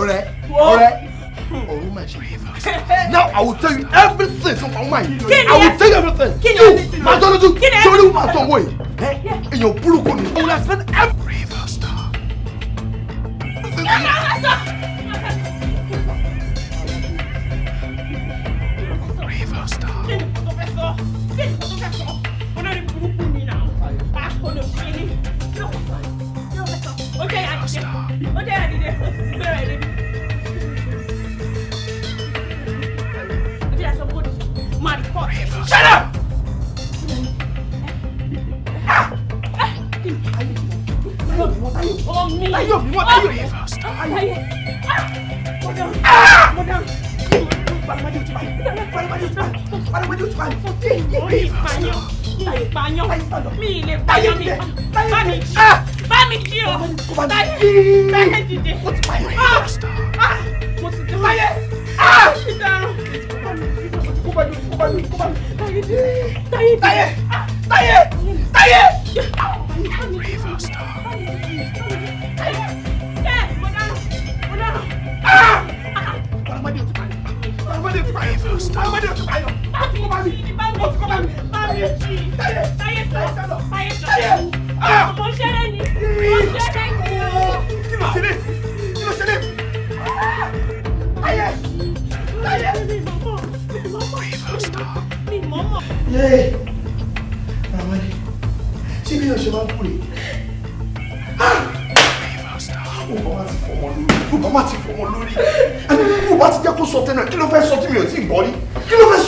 ọ̀rẹ́ ọ̀rẹ́ ọ̀rọ̀ máa ṣe yẹn. now I will tell you everything from my mind. I will tell you everything. kí you my daughter, do tí olú máa tọ́ owó yìí. èèyàn burúkú ni. I will explain everything. Okay, I did it. Okay, I did it. Shut up! Ayọ̀ mi wọ́n ayọ̀ yẹn. Ayọ̀ mọ̀dán mọ̀dán paramadi o ti báyìí paramadi o ti báyìí paramadi o ti báyìí. Orí ìpààyàn mi lè pààyàn mi lè pààyàn mi bá mi jí bá mi jí o báyìí báyìí dìde. O ti pààyàn mi. Mo ti ti pààyàn. Mo ti dàrú. Kó bá mi kó bá mi kó bá mi. Táyé! yéé màmá rẹ ṣé bí ọṣẹ máa ń kú rè ó bá má ti fọmọ lórí ó bá ti jẹ́ kó sọ tẹnu ẹ̀ kí ló fẹ́ sọ tí mi ò tí ì gbọ́ rí kí ló fẹ́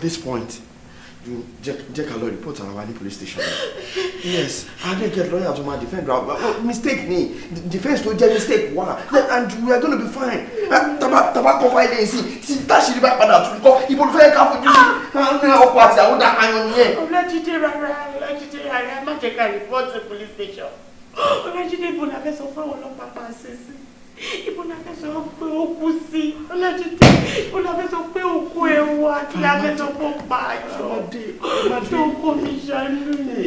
at this point you jẹ́ ká lọ report ara wa ní police station yes I then get lawyer to my defend ra oh, mistake me, defence tó jẹ́ mistake wa and we are gonna be fine taba taba kọ fáìlì yìí sí tí táṣìírí bá padà tún kọ ibo ló fẹ́ ká fojú sí ọkọ àti àwọn ọ̀dà ayan nìyẹn. ọlájídé rárá ọlájídé rárá má jẹ́ ká report to police station ọlájídé bọ́lá fẹ́ sọ fún àwọn ọlọ́pàá pa ṣe sí ibo la fẹ́ sọ pé ó kú sí ọlọ́jìdé ibo la sọ pé ó kú ewu àti la sọ pé ó pa àjọ̀dé tó kọ́ mi ṣàánú mi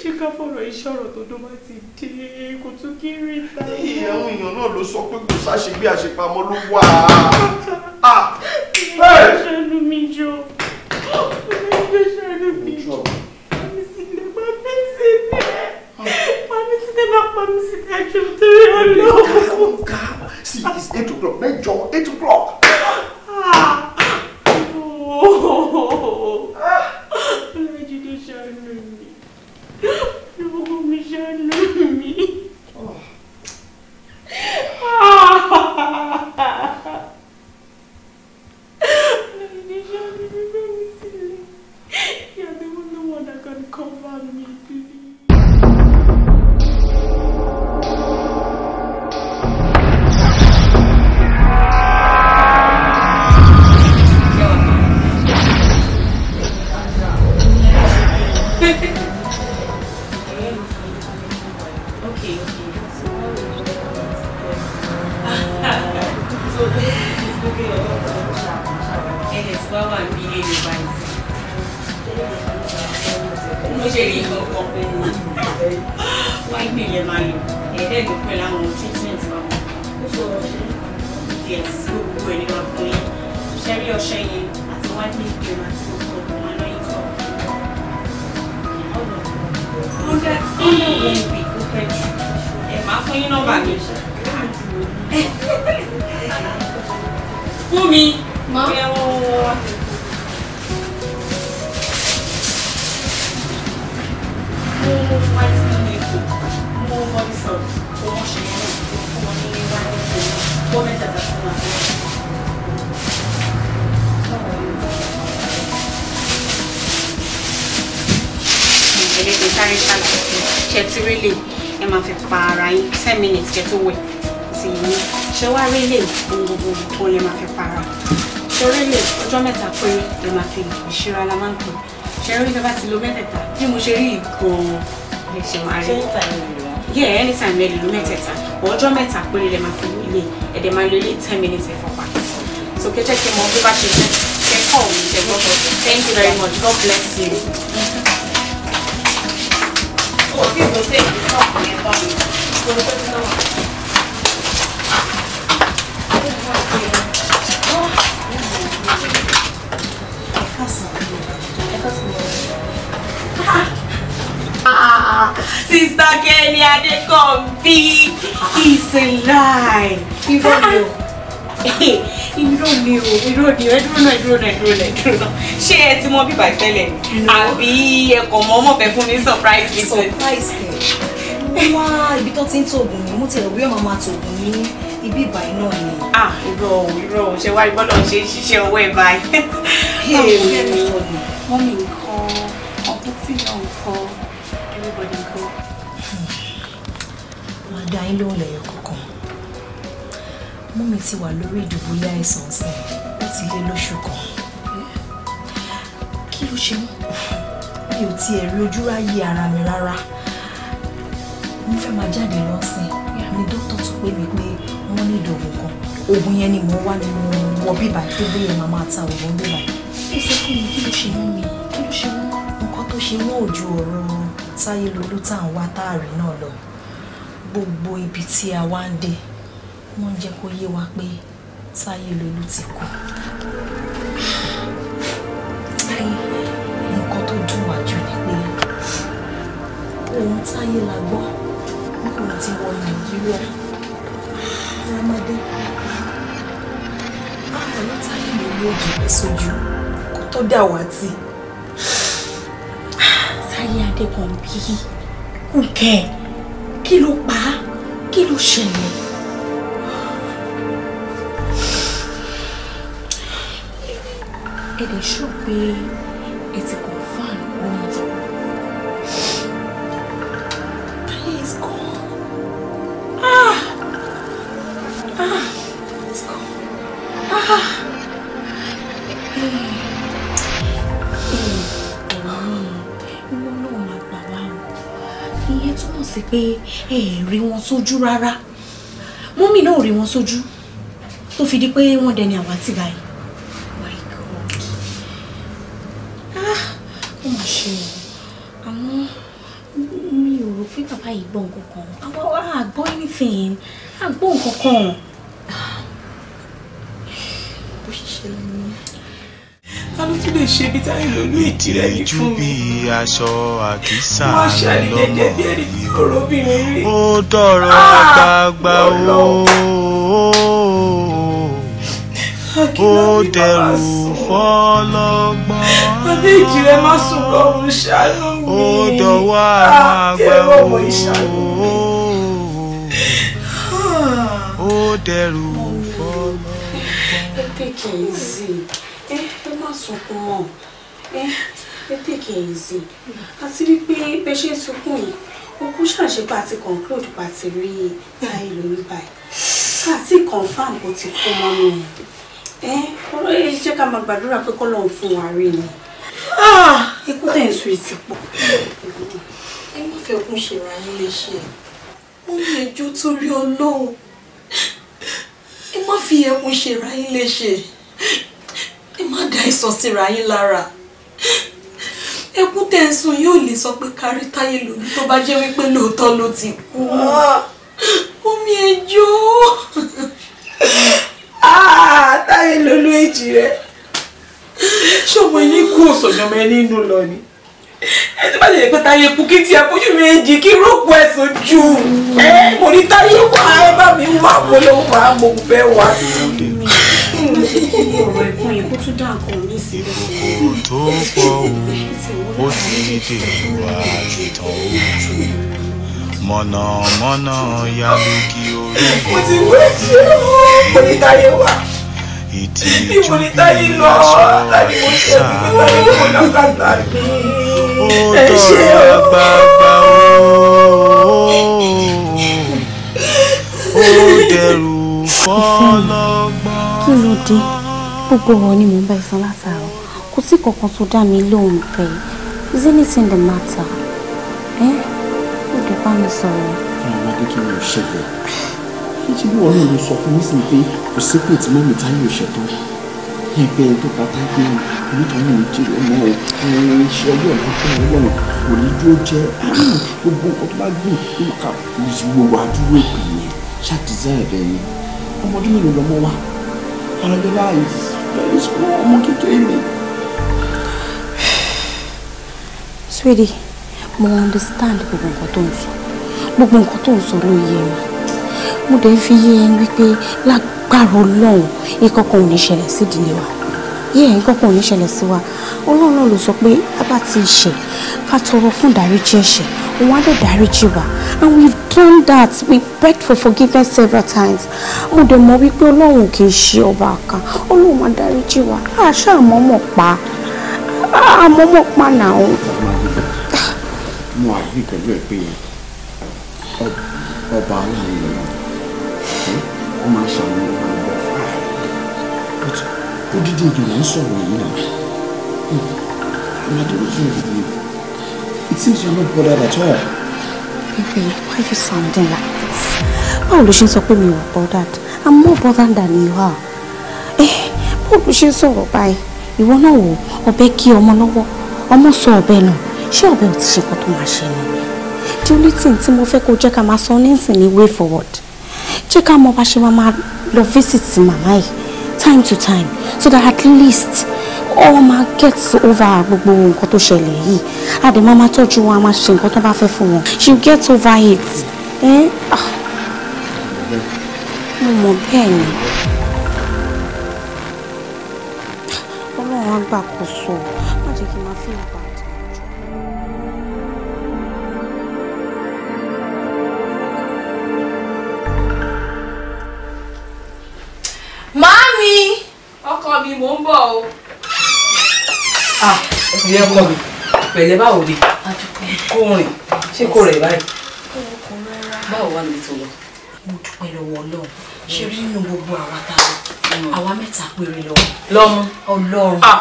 chika fọ̀rọ̀ ìṣòro tó dó bá ti dé kò tún kí rí ta. àwọn èèyàn náà ló sọ pé kò sáṣegbé àṣepamọ́ ló wà á. Ah, ṣàánú mi jọ ṣàánú mi jọ àmì sílẹ̀ máa fi ń ṣe Mami ti dé máa pa mi sí ẹjọ́ torí ọlọ́run. Calm calm see it's eight o'clock mẹ́jọ eight o'clock. Olùjídé ṣàánú mi. Olùkọ́ mi ṣàánú ẹ̀ẹ́dẹ̀sí wá wà ní ilé ìwà ìsìn mo ṣe lè lọ pọ̀ pé wá ìgbé yẹn máa lò ẹ̀ẹ́dẹ̀ ló pẹ́ láwọn treatment wa mọ̀ yes gbogbo ẹ̀ ní wà fún yín ṣẹ́rí ọṣẹ yẹn àti wá ní ìgbé wọn àti gbogbo ọ̀gbọ̀n wọn lọ́yìn tó product tó lè wọ̀ ìgbé kó pẹ́ jù ẹ̀ máa fún yín nọ́mbà mi fún mi. mọ. Ṣé ti rí lè ẹ máa fi pa ara yín ten minutes kẹ́ tó wẹ̀ ìwé ṣé wá rí lè ohun gbogbo nǹkan lè máa fi para ṣeré lè ọjọ́ mẹ́ta péré lè máa fi ìṣera la máa ń pè ṣeré ní bá ti lo mẹ́tẹ̀ẹ̀ta bí mo ṣe rí ìgbọ̀n lè ṣe máa rí yẹ anytime lè lo mẹ́tẹ̀ẹ̀ta ọjọ́ mẹ́ta péré lè máa fi ilé ẹ̀dẹ̀ máa lo ilé ten minutes ẹ̀fọ́ pa so kẹ́jẹ́ kí n mọ bí bá ṣe jẹ́ kẹ́kọ̀ọ́ mi jẹ́ gbọ́dọ̀ thank you very much God bless you. òfin kò tẹ̀ ìdí náà kò yẹ bá mi. Sister Kenny Adekombi is alive. Irọ́ ni o. Irọ́ ni o, irọ́ ni don't know. dúró don't know. dúró don't know. dúró don't know. dúró don't know. ẹ ti mọ bíbá ìtẹ́lẹ̀ ni? Àbí ẹ kàn mọ ọmọ fẹ́ fún mi surprise visit? Surprise kẹ̀. Wá ibi tó ti ń tòògùn ni, mo tẹ̀lé wí ọmọ máa tòògùn ní ibi ìbàyí náà ni ah irọ́ o irọ́ o ṣe wá rí bọ́lọ̀ ṣe ṣiṣẹ́ owó ẹ̀ báyìí. mọ́mí nǹkan ọ̀pọ̀ tí yọ nǹkan everybody nǹkan. máa dá yín lóhùn lẹ́yìn kankan mọ́mí ti wà lórí ìdùbúlẹ̀ àìsàn sí ó ti lé lóṣù kan kí ló ṣe mí mi ò tiẹ̀ rí ojú ráyè ara mi rárá mo fẹ́ máa jáde lọ́sìn ni dókítà tún pè mí pé wọ́n ní ìdòwò kan oògùn yẹn ni mò ń wá nínú wọ bíbà tó gbé yẹn máa máa ta oògùn ó sọ fún mi kí ló ṣe mú mi kí ló ṣe mú nǹkan tó ṣe wọ́n ò ọ̀rọ̀ táyé lolú tá à ń wá táàrí náà lọ gbogbo ibi tí a wá ń dé wọ́n jẹ́ kó yé wa pé táyé lolú ti kú nǹkan tó dùn wá jù ni pé ohun táyé la gbọ́ nípa ti wọ nàìjíríà ọmọdé táyé mi ní òjì rẹ sójú kó tó dàwátì. táyé adékànbí kúkẹ́ kí ló pa á kí ló ṣẹlẹ̀. ẹ lè ṣó pé ẹ ti kò fáàn lóyún. sí pé ẹ rí wọn sójú rárá mọ́mì náà rí wọn sójú tó fi di pé wọ́n dẹni àwátì báyìí. Ah, ó mà ṣe o àmọ́ mi ò rò pé bàbá yìí gbọ́ nǹkan kan àwa àgbọ́ anything àgbọ́ nǹkan kan. ṣe bí táyé ló lú ìdí rẹ̀ ní fún mi. ìjú bí aṣọ àkísà lọ́wọ́ wọ́n ṣàdédé bí ẹni tí òróbìnrin rí. Ah! ó dọ̀rọ̀ gbàgbà ó dẹrù fọlọ́gbọ́n. bàbá ìjì má sùn lọ́rùn ṣàánú mi. ó dọ̀wọ́ àwọn ah, àgbà ó ó dẹrù ah. fọlọ́gbọ́n. ẹ pé kì í sí i sunkún mọ́ eh, ẹ ẹ tèkè yìí sí àti wípé bẹ ṣe ń sunkún yìí òkú ṣàṣe pa ti conclude pa ti rí táyé lórí báyìí ká ti confam kó ti kó mọ́nú ẹ eh, ọ̀rọ̀ ẹ jẹ́ ká máa gbàdúrà pé kọ́ lọ́n fún wa rí ni ah, ikú tẹ̀ ń sun ìtì pọ̀. ẹ má fẹ́ kún ṣe ra yín léṣe ó ní ẹjọ́ torí ọlọ́run ẹ má fi ẹkún ṣe ra yín léṣe ẹ má dá ìsàn síra yín lára ẹkún tẹ̀ ń sùn yóò lè sọ pé kárí táyé lòdì tó bá jẹ́ wípé lóòótọ́ ló ti kú omi ẹjọ́ ah, táyé lolú èjì rẹ ṣọmọ yín kú òṣòjọmọ ẹ nínú lọ ni ẹ tó bá lè pẹ́ táyé kú kí tí ẹkú yìí méjì kí rògbò ẹ sojú ẹ mo ní táyé wá ẹ bá mi wá mo ló wá mo fẹ́ wá sí i ṣe kí ọ̀rọ̀ ẹ̀gbọ́n yìí kó tún dá nǹkan mi sí lẹ́sẹ̀. ìkòkò tó pọ̀ o ó ti tètè wá ìtàn ojú mọ̀nàmọ́ná yalu kí orí ìkòkò ìtìjú bí aṣọ ìṣà ó tọrọ agbára ó dẹrù fọlọ́ kí ló dé gbogbo wọn ni mò ń bá ẹ sọ látàárọ̀ kò sí kankan tó dá mi lóhùn pé is anything the matter ẹ ó dé bá mi sọ̀rọ̀. fún àwọn adé kí mi ò ṣẹlẹ̀ níṣẹ́ bí wọ́n lè sọ fún mi sí pé kò sípò tí mọ́mí táyé ò ṣètò ẹgbẹ́ tó bá táyé nítorí ìjìnlẹ̀ ọmọ rẹ̀ iṣẹ́ ọjọ́ ìlú fún ọlọ́run kò ní dúró jẹ́ gbogbo ọtọ́ bá gbìn nǹkan ìwòwà dúró ìpìlẹ̀ ṣáà dísáì rẹ̀ ni ọmọdún mélòó lọmọ wa and sweetie mo understand gbogbo nǹkan tó ń sọ gbogbo nǹkan tó ń sọ ló yé mi mo dẹ̀ fi yé ẹ wípé lágbára ọlọ́run ìkọ̀kan ò ní ṣẹlẹ̀ sí ìdílé wa yé ẹ̀ ìkọ̀kan ò ní ṣẹlẹ̀ sí wa ọlọ́run náà ló sọ pé a bá ti ṣẹ̀ ká tọrọ fún ìdáríjì ẹ̀ṣẹ̀ òun á lè dáríjì wá and we've done that we begged for forgiveness several times Oh, Oh, the more we we go, can no, my back. you mo dẹ̀ mọ̀ wípé ọlọ́run kì í ṣe ọba kan ọlọ́run máa dáríjì wá àṣà àmọ́mọ́ pa àmọ́mọ́ pa náà. mo àgbẹ̀ pẹ̀lú ẹ̀ you ọba aláàánú náà hmm? ó you ṣàwọn ọba ọba did you dídí ìjọba ń sọ̀rọ̀ you náà. I'm not doing it. It seems you're not bothered at all. Baby, why are you sounding like this? Báwo ló ṣe ń you pé mi bothered? I'm more bothered than you are. Eh, báwo ló ṣe ń You báyìí? Ìwọ náà wò ọ̀bẹ kí ọmọ lọ́wọ́, ọmọ sọ ọ̀bẹ nù. Ṣé ọ̀bẹ ò ti ṣe nǹkan tó máa ṣe ni? The only thing tí mo fẹ́ kó jẹ́ ká máa sọ nísìn ni way forward. Check ká mọ bá ṣe máa lọ visit màmá yìí time to time so that at least ọ máa get over gbogbo nǹkan tó ṣẹlẹ̀ yìí àdèmọ́ máa tọ́jú wọn a máa ṣe nǹkan tó bá fẹ́ fún wọn she get over it eh? ah. mo mọ̀ bẹ́ẹ̀ ni ọlọ́run á gbàkóso. ìyẹn ah, kọ mi pẹ̀lẹ́ báwo de kó rìn ṣé kò rẹ̀ báyìí. báwo wà ní tòun. mo dúpẹ́ lọ́wọ́ ọlọ́run ṣe rí nínú gbogbo àwa tá a lọ mm. àwa mẹ́ta péré lọ́wọ́. lọ́mú ọlọ́run. Ah.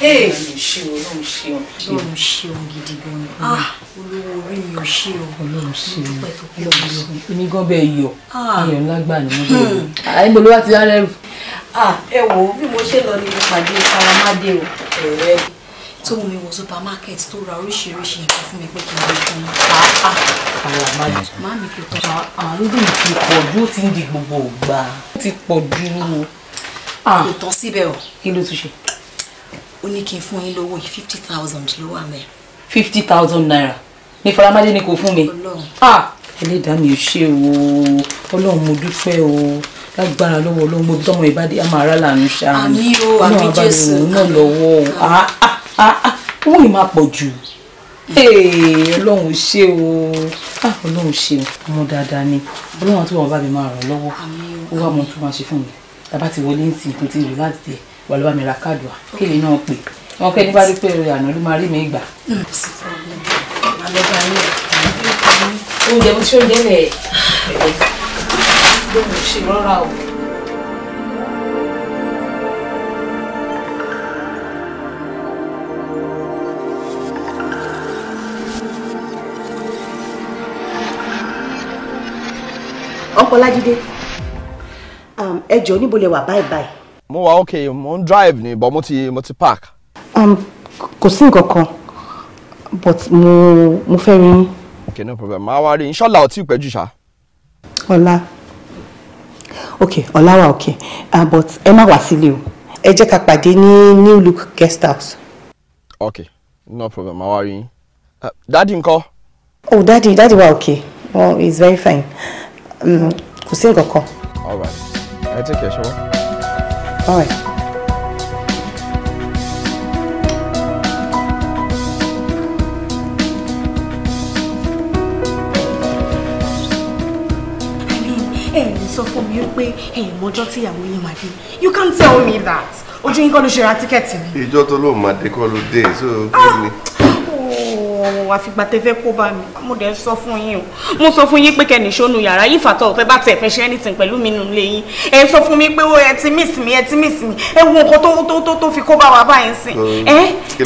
ọlọ́run ṣeun ọlọ́run ṣeun. ọlọ́run ṣeun gidi gan ni. Ah, olówó orí mi ò ṣe o. ọlọ́run ṣeun ọlọ́run ṣeun. èmi gan bẹ́ẹ̀ yọ ayọ̀ ńlá gbà ní mọ́tò. àìmọ̀ ló wá ti rárẹ̀ rù. Ah, ẹ wò ó bí mo ṣe lọ ni mo pàdé faramádé o tó mú mi wọ supermarket tó ra oríṣiríṣi nǹkan fún mi pé kí n lè fún un pàápàá. faramádé máa mi kò tọ́. àǹdùn ti pọ̀ ju ó ti ń di gbogbo ògbà ó ti pọ̀ ju ah. ah. kò tán síbẹ̀ o. kí ló tún ṣe. ó ní kí n fún yín lówó yìí fifty thousand ló wà mẹ́. fifty thousand naira ni faramádé ni kò fún mi. ọlọ́run. ẹlẹ́dàá mi ò ṣe o ọlọ́run mo dúpẹ́ o lágbára lọ́wọ́ ọlọ́run gbogbo tọ́mọ ìbádé a máa rà lànà ṣáà àmì o àmì jésù náà lọ́wọ́ o ah, ah, ah, owó yìí máa pọ̀ jù ọlọ́run ṣe o ọlọ́run ṣe ọmọ dáadáa ni ọlọ́run àti wọn bá mi máa ràn lọ́wọ́ ó wá mọ tó máa ṣe fún mi tàbá ti wọlé ní tìǹtì tí ìlú láti tẹ wà ló bá mi ra káàdùà kí lè náà pè wọn pé ní bá rí pé àná ló máa rí mi gbà. Hmm, oúnjẹ mo ṣe oúnjẹ lẹ̀ ẹ̀ẹ́dẹ́gbẹ̀ pé mo ṣe rọ́ra o. Ọpọlájídé um, ẹ jọ̀ọ́ níbo lẹ wà báyìí báyìí. mo wà ok mo ń drive ni but mo ti mo ti park. Um, kò sí nǹkan kan but mo mo fẹ́ rí yín. ok no problem màá wá rí inshallah ó ti pẹ́ jù ṣá. ọ̀la. Okay, ọ̀làwà Okay, uh, but ẹ má wá sílé o ẹ jẹ́ ká pàdé ní new look guest house. Okay, no problem àwa rí yín ah, dadi ńkọ́. oh dadi dadi wa okay. well he is very fine mm, kò sí nǹkan all right I take care ṣọwọ́. all right. pé ẹ̀ mọ́jọ́ tíyàwó yìí máa you can't tell me that ojú yín kọ́ ló ṣe ra tíkẹ́ẹ̀tì mi. ìjọ tó lóun máa dé kọ́ ló dé so kí ah! ni. ooo oh, àfìgbà tẹ fẹ́ kó bá mi mo dẹ̀ sọ fún yín o mo sọ fún yín pé kẹ́ni ṣónú yàrá yín fàtọ̀ ọ̀fẹ́ bá tẹ̀ fẹ́ ṣe anything pẹ̀lú mi nù lé yín ẹ sọ fún mi pé ó oh, ẹ ti miss mi ẹ ti miss mi ẹ wo nǹkan tó tó tó fi kó bá wa báyìí sìn. kí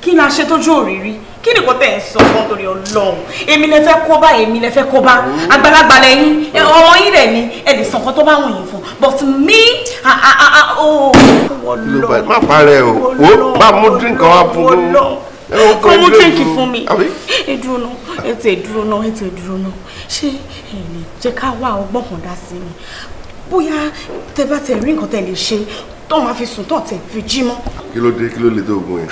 kí la ṣe tójú òrírí kí ni kò tẹ̀ ń sọ fún torí ọlọ́run èmi lè fẹ́ kó bá èmi lè fẹ́ kó bá oh. àgbàlagbà lẹ́yìn ọmọ yín rẹ̀ ni ẹ lè sàn kó tó bá wọ̀n yìí fún but me ọlọ́run oh. má parẹ́ o o bá mú dínkà wá fún un kó mú dínkì fún mi ẹdúró náà ètò ìdúró náà ètò ìdúró náà ṣé ẹ̀yìn jẹ́ ká wá ọgbọ́n kan dá sí mi bóyá tẹ bá tẹ rí nǹkan tẹ lè ṣe tó máa fi sùn tó tẹ fi jí mọ́. kí ló dé kí ló lè tó oògùn yẹn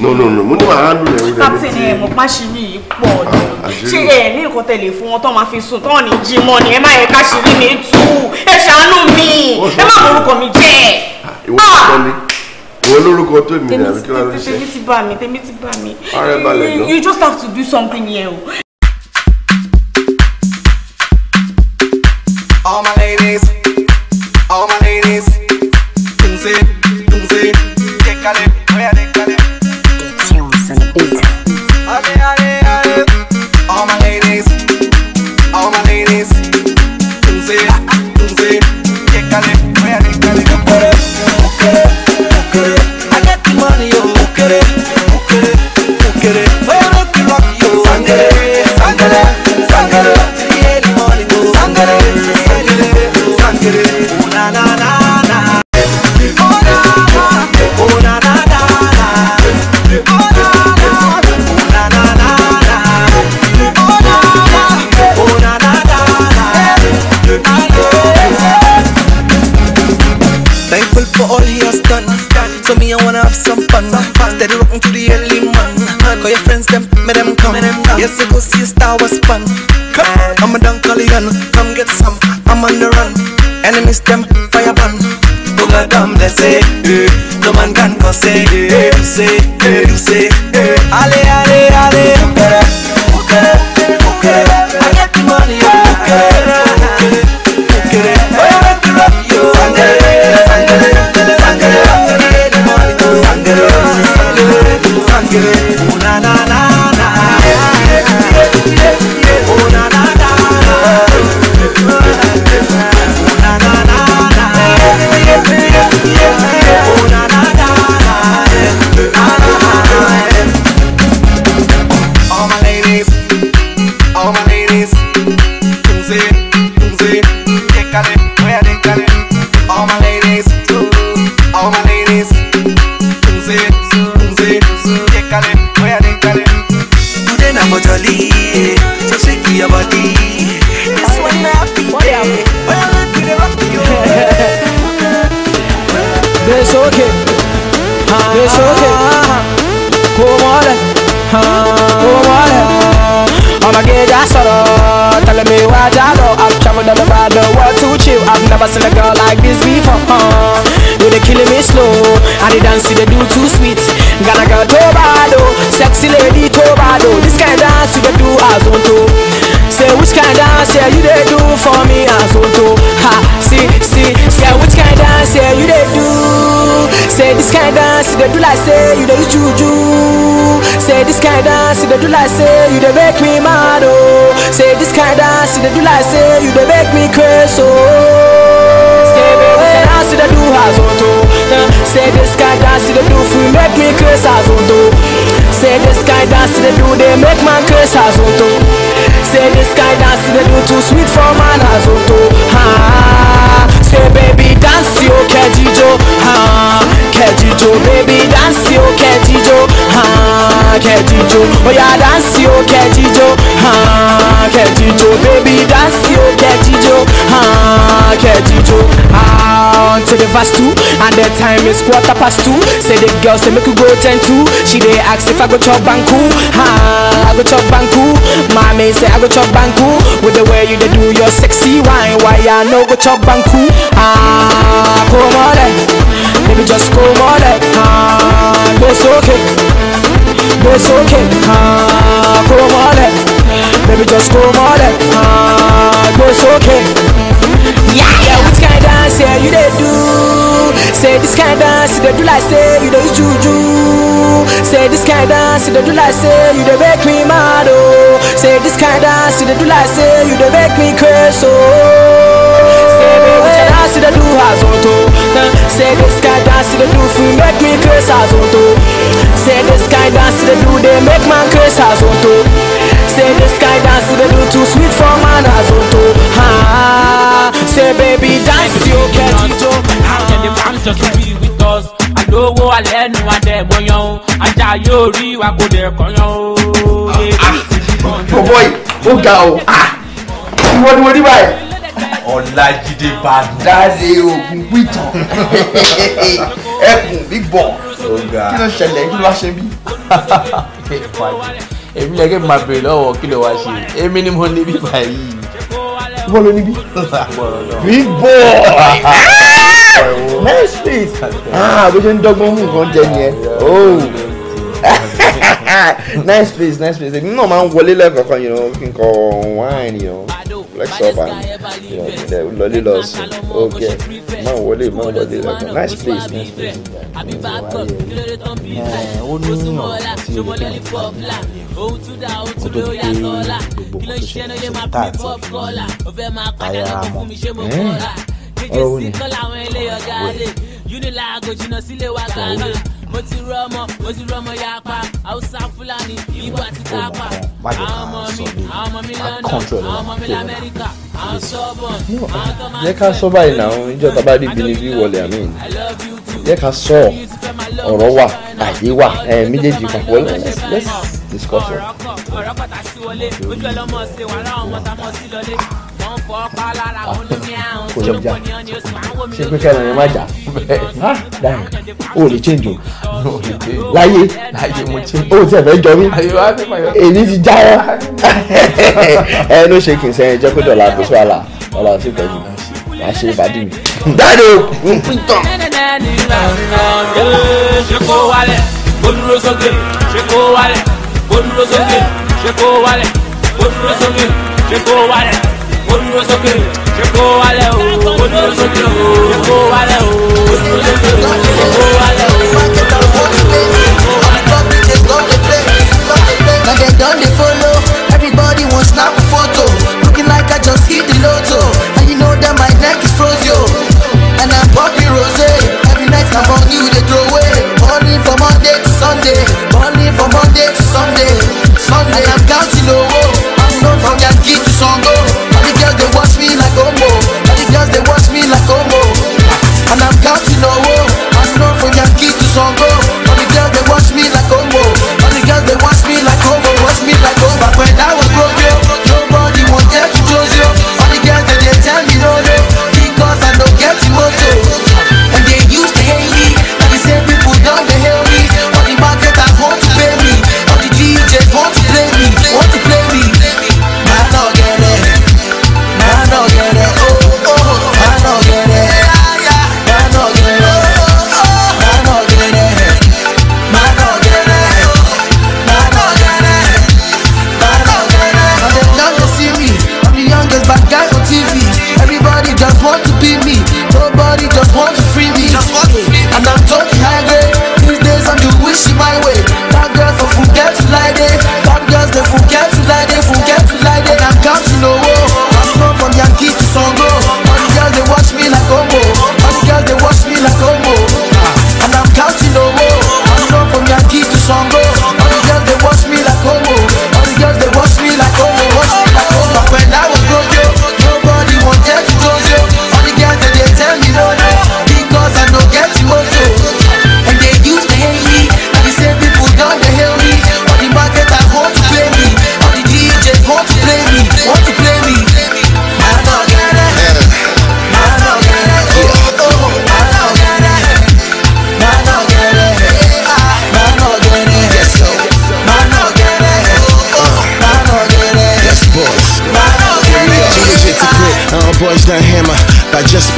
no no no mo ní wàá lù lẹ́rú lẹ́rú captain ẹ̀ mọ̀ páṣírí yìí pọ̀ ni ah, ṣé ẹ̀ ní nǹkan tẹ̀lé fún wọn tó máa fi sùn tán ní jí mọ́ ni ẹ má yẹ káṣírí mi tú ẹ ṣàánú mi ẹ má borúkọ mi jẹ́. Ah, ìwọ lórúkọ ah! ni ìwọ lórúkọ tó mi ní àbí kí wọn lè ṣe. tèmi ti bá mi tèmi ti bá mi you just have to do something here o. all my ladies all my ladies. me here stunned. So me I wanna have some fun. Steady rocking to the early man. Call your friends them, me them come. Yes, I go see a star was fun. I'm a Dunkalion, come get some. I'm on the run. Enemies them fire ban. Bunga dam let's say, eh. no man can cause eh. say, eh. say, say, say. never seen a girl like this before. You they killing me slow, and the dance you they do too sweet. got Ghana girl Tobado, sexy lady Tobado. This kind of dance you they do as on to. Say which kind of dance yeah you they do for me as on to. Ha, see, see. Say which kind of dance yeah you they do. Say this kind of dance you they do like say you they do juju. Say this kind of dance you they do like say you they make me mad oh. Say this kind of dance you they do like say you they make me curse oh see the do has on to. Say this guy dance see the do free make me curse has on oh, to. Oh. Say this guy dance see the do they make my curse has on to. Say this guy dance see the do too sweet for man has on to. Ha. Say baby dance to your kejijo. Ha. Ah kẹjìjó bébí dáǹsì ó oh, kẹjìjó ah, kẹjìjó oya oh, dáǹsì ó oh, kẹjìjó ah, kẹjìjó bébí dáǹsì ó kẹjìjó ah, kẹjìjó. On to the verse two, and the time is quarter past two. Say the girl say make you go ten two. She they ask if I go chop banku, ha, I go chop banku. Mommy say I go chop banku. With the way you dey do your sexy wine, why I no go chop banku? Ah, come on. Eh. Baby, just come on that time. It's okay. That's okay. Ah, come on that. Baby, just come on that time. It's okay. Yeah, yeah. Which kind of dance yeah, you they do? Say this kind of dance they do like say you they juju. Say this kind of dance they do like say you they make me mad oh. Say this kind of dance they do like say you they make me curse oh. Say baby, dance they do has on to. down. Say this sky dance to the do free, make me crazy, as on Say this sky dance to the do, they make man crazy, as on Say this sky dance to the do, too sweet for man as on to. Ha, say baby dance to your ketito. How can the man just be with us? lówó alẹ́ nu adẹ́ mọ yan o ajá yóò rí wa kó dẹ̀ kọ́ yan o. bọ̀bọ̀ yìí ó ga o ni mo ní báyìí ọlájídé badmus. dáre oògùn gbìtàn ẹkùn big ball kí ló ṣẹlẹ̀ kí ló wá ṣe bí. èmi lẹ́gẹ̀ẹ́ máa bèrè lọ́wọ́ kí ló wá ṣe èmi ni mo níbí báyìí. wọ́n ló níbí. big ball next week ah, bó ṣe ń dọ́gbọ́n mú nǹkan jẹ nìyẹn. nice place nice place You know, man, ń wọlé lẹ́ẹ̀kọ̀ọ̀kan you know, kí n kọ wine you know, flex up and lọlé lọ sùn ok máa wọlé máa like lẹ́ẹ̀kan nice place nice place. ó ní ọ̀sán tí ó lè kọ́ mo ti rọmọ mo ti rọmọ yapa haúsá fúlàní ìgbò àti tápà àwọn ọmọ mi àwọn ọmọ mi london àwọn ọmọ mi lamẹ́ríkà àwọn sọ́bọ̀n àwọn tó máa ń sọ. yẹ ká sọ báyìí náà níjọ tá a bá rí bínibí wọlé àmì yẹ ká sọ ọ̀rọ̀ wà àyè wà méjèèjì papọ̀ let's discuss it. ọ̀rọ̀ pàtàkì wọlé ojú ẹlọ́mọ̀ ṣe wàhálà ọmọ tá a mọ̀ sí lọlé kò lọ jà ṣé pé kẹrin ẹ má jà dáhùn o lè change o láyé o ò tí ẹ fẹ́ jọ mí èyí ti já ẹ ẹ ló ṣe kì í sẹ́yìn jẹ́ kó dọ̀là kò sí wàhálà ọ̀là sí ìtọ́jú wàá ṣe ìbàdí mi. dáàdì o n kó wálẹ̀ kó dúró sókè ṣé kó wálẹ̀ kó dúró sókè ṣé kó wálẹ̀ kó dúró sókè ṣé kó wálẹ̀. onúró Now they they follow, everybody snap a photo Looking like I just hit the lotto And you know that my neck is And I'm Every night I'm on you, they throw away from Monday to Sunday from Monday to Sunday Sunday And I'm counting low I'm known from Yankee to Songo like a Omo, and I've got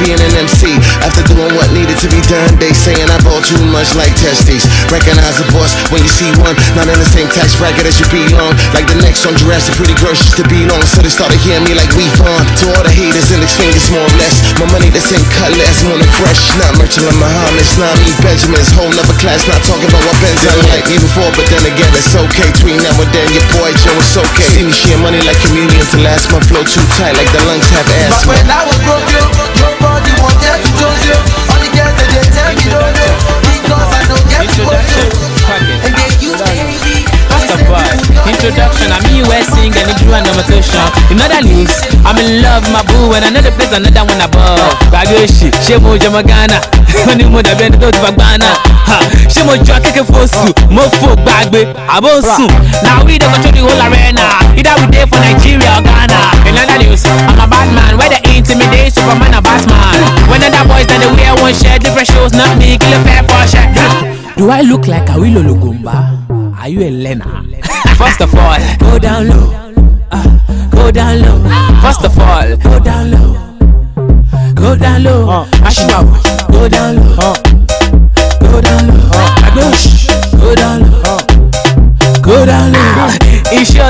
being an MC After doing what needed to be done They saying I ball too much like testes Recognize a boss when you see one Not in the same tax bracket as you belong Like the next on Jurassic Pretty girls used to be long So they started hearing me like we on To all the haters the fingers more or less My money that's in cut more than fresh. crush, not Merchant of Muhammad Not me, Benjamin's whole nother class Not talking about what Ben's done like me before But then again it's okay Between now and then your boy Joe it's okay See me share money like comedians to last month flow too tight like the lungs have asthma But when I was broke, introduction. I'm in US I'm in love, my boo, and another place, another one above. Bagoshi, Shemo Jamagana, Honey Moda Bendo Bagana, Shemo Jackie Fosu, Mofo Bagbe, Abosu. Now we don't control the whole arena. Either we day for Nigeria or Ghana. In other news, I'm a bad man. Where they intimidate Superman or Batman. When other boys that they wear one shirt, different shows, not me, kill a fair for shirt. Do I look like a Willow Lugumba? Are you a Lena? First of all, go down low. Uh, go down low. First of all, go down low. Go down low. Uh, Ashwab, go down low. Uh, go down low. Uh, go down low. Uh, go down low.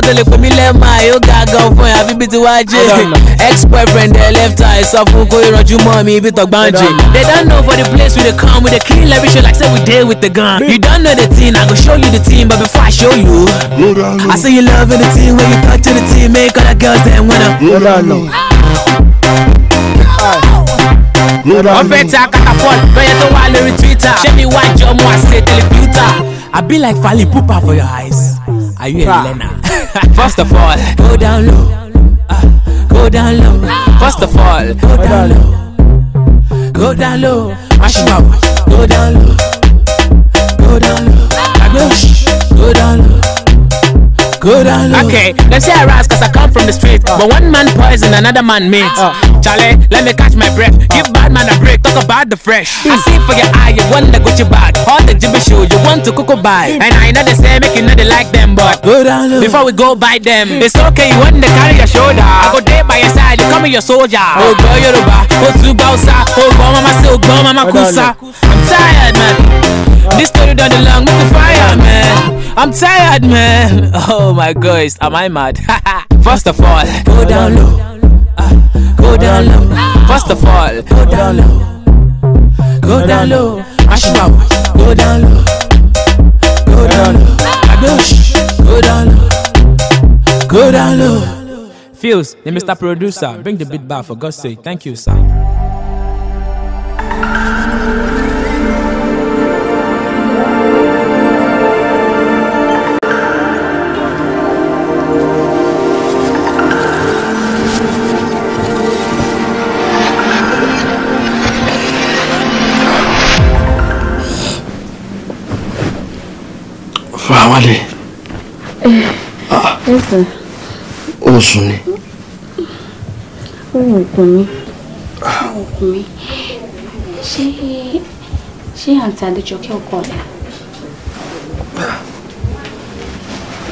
lọ́wọ́ lè pè mí lẹ́ẹ̀mà yóò gan fún ẹ àfi ti wá jẹ́ ex boyfriend ẹ left eye sọ fún kó ìrọ̀jú mọ́ mi ibi tọ̀gbọ́n jẹ́. they don't know for the place we dey come we dey kill every show like say we dey with the gun. you don't know the thing i go show you the thing but before i show you. i say you love the thing when you touch the thing make other girls dem wanna. ọfẹ ta catapult lọyẹ tó wà lórí twitter ṣé mi wá jọ mú àṣẹ tẹlifíútà i be like fali pupa for your eyes are you a learner. First of all, go down low. Uh, go down low. First of all, go down low. Go down low. Mash up. Go down low. Go down low. Go down low. Good mm. and low. Okay, say I rise cause I come from the street. Uh. But one man poison, another man meat. Uh. Charlie, let me catch my breath. Uh. Give bad man a break, talk about the fresh. Mm. I see for your eye, you want the Gucci bag. All the Jimmy shoe, you want to cook buy. Mm. And I know they say make you know they like them, but Good and low. before we go buy them, mm. it's okay, you want to carry your shoulder. I go there by your side, you call me your soldier. Oh girl, Yoruba, oh Tsubausa, oh go mama, say oh go mama, kusa. I'm tired, man. Uh. This story done the long, with the fire, man. I'm tired, man. Oh my gosh, am I mad? First of all, go down low. Ah, go down low. First of all, go down low. Go down low. Mash up. Ah. Go down low. Go down low. Go down low. Go down low. Feels, the Mr. Producer, bring the beat back for God's sake. Thank you, sir. bá wá lẹ. o sùn ni. ohun ògùn mi ohun ògùn mi ṣé ṣé àǹtí adéjọkẹ́ ọkọ rẹ.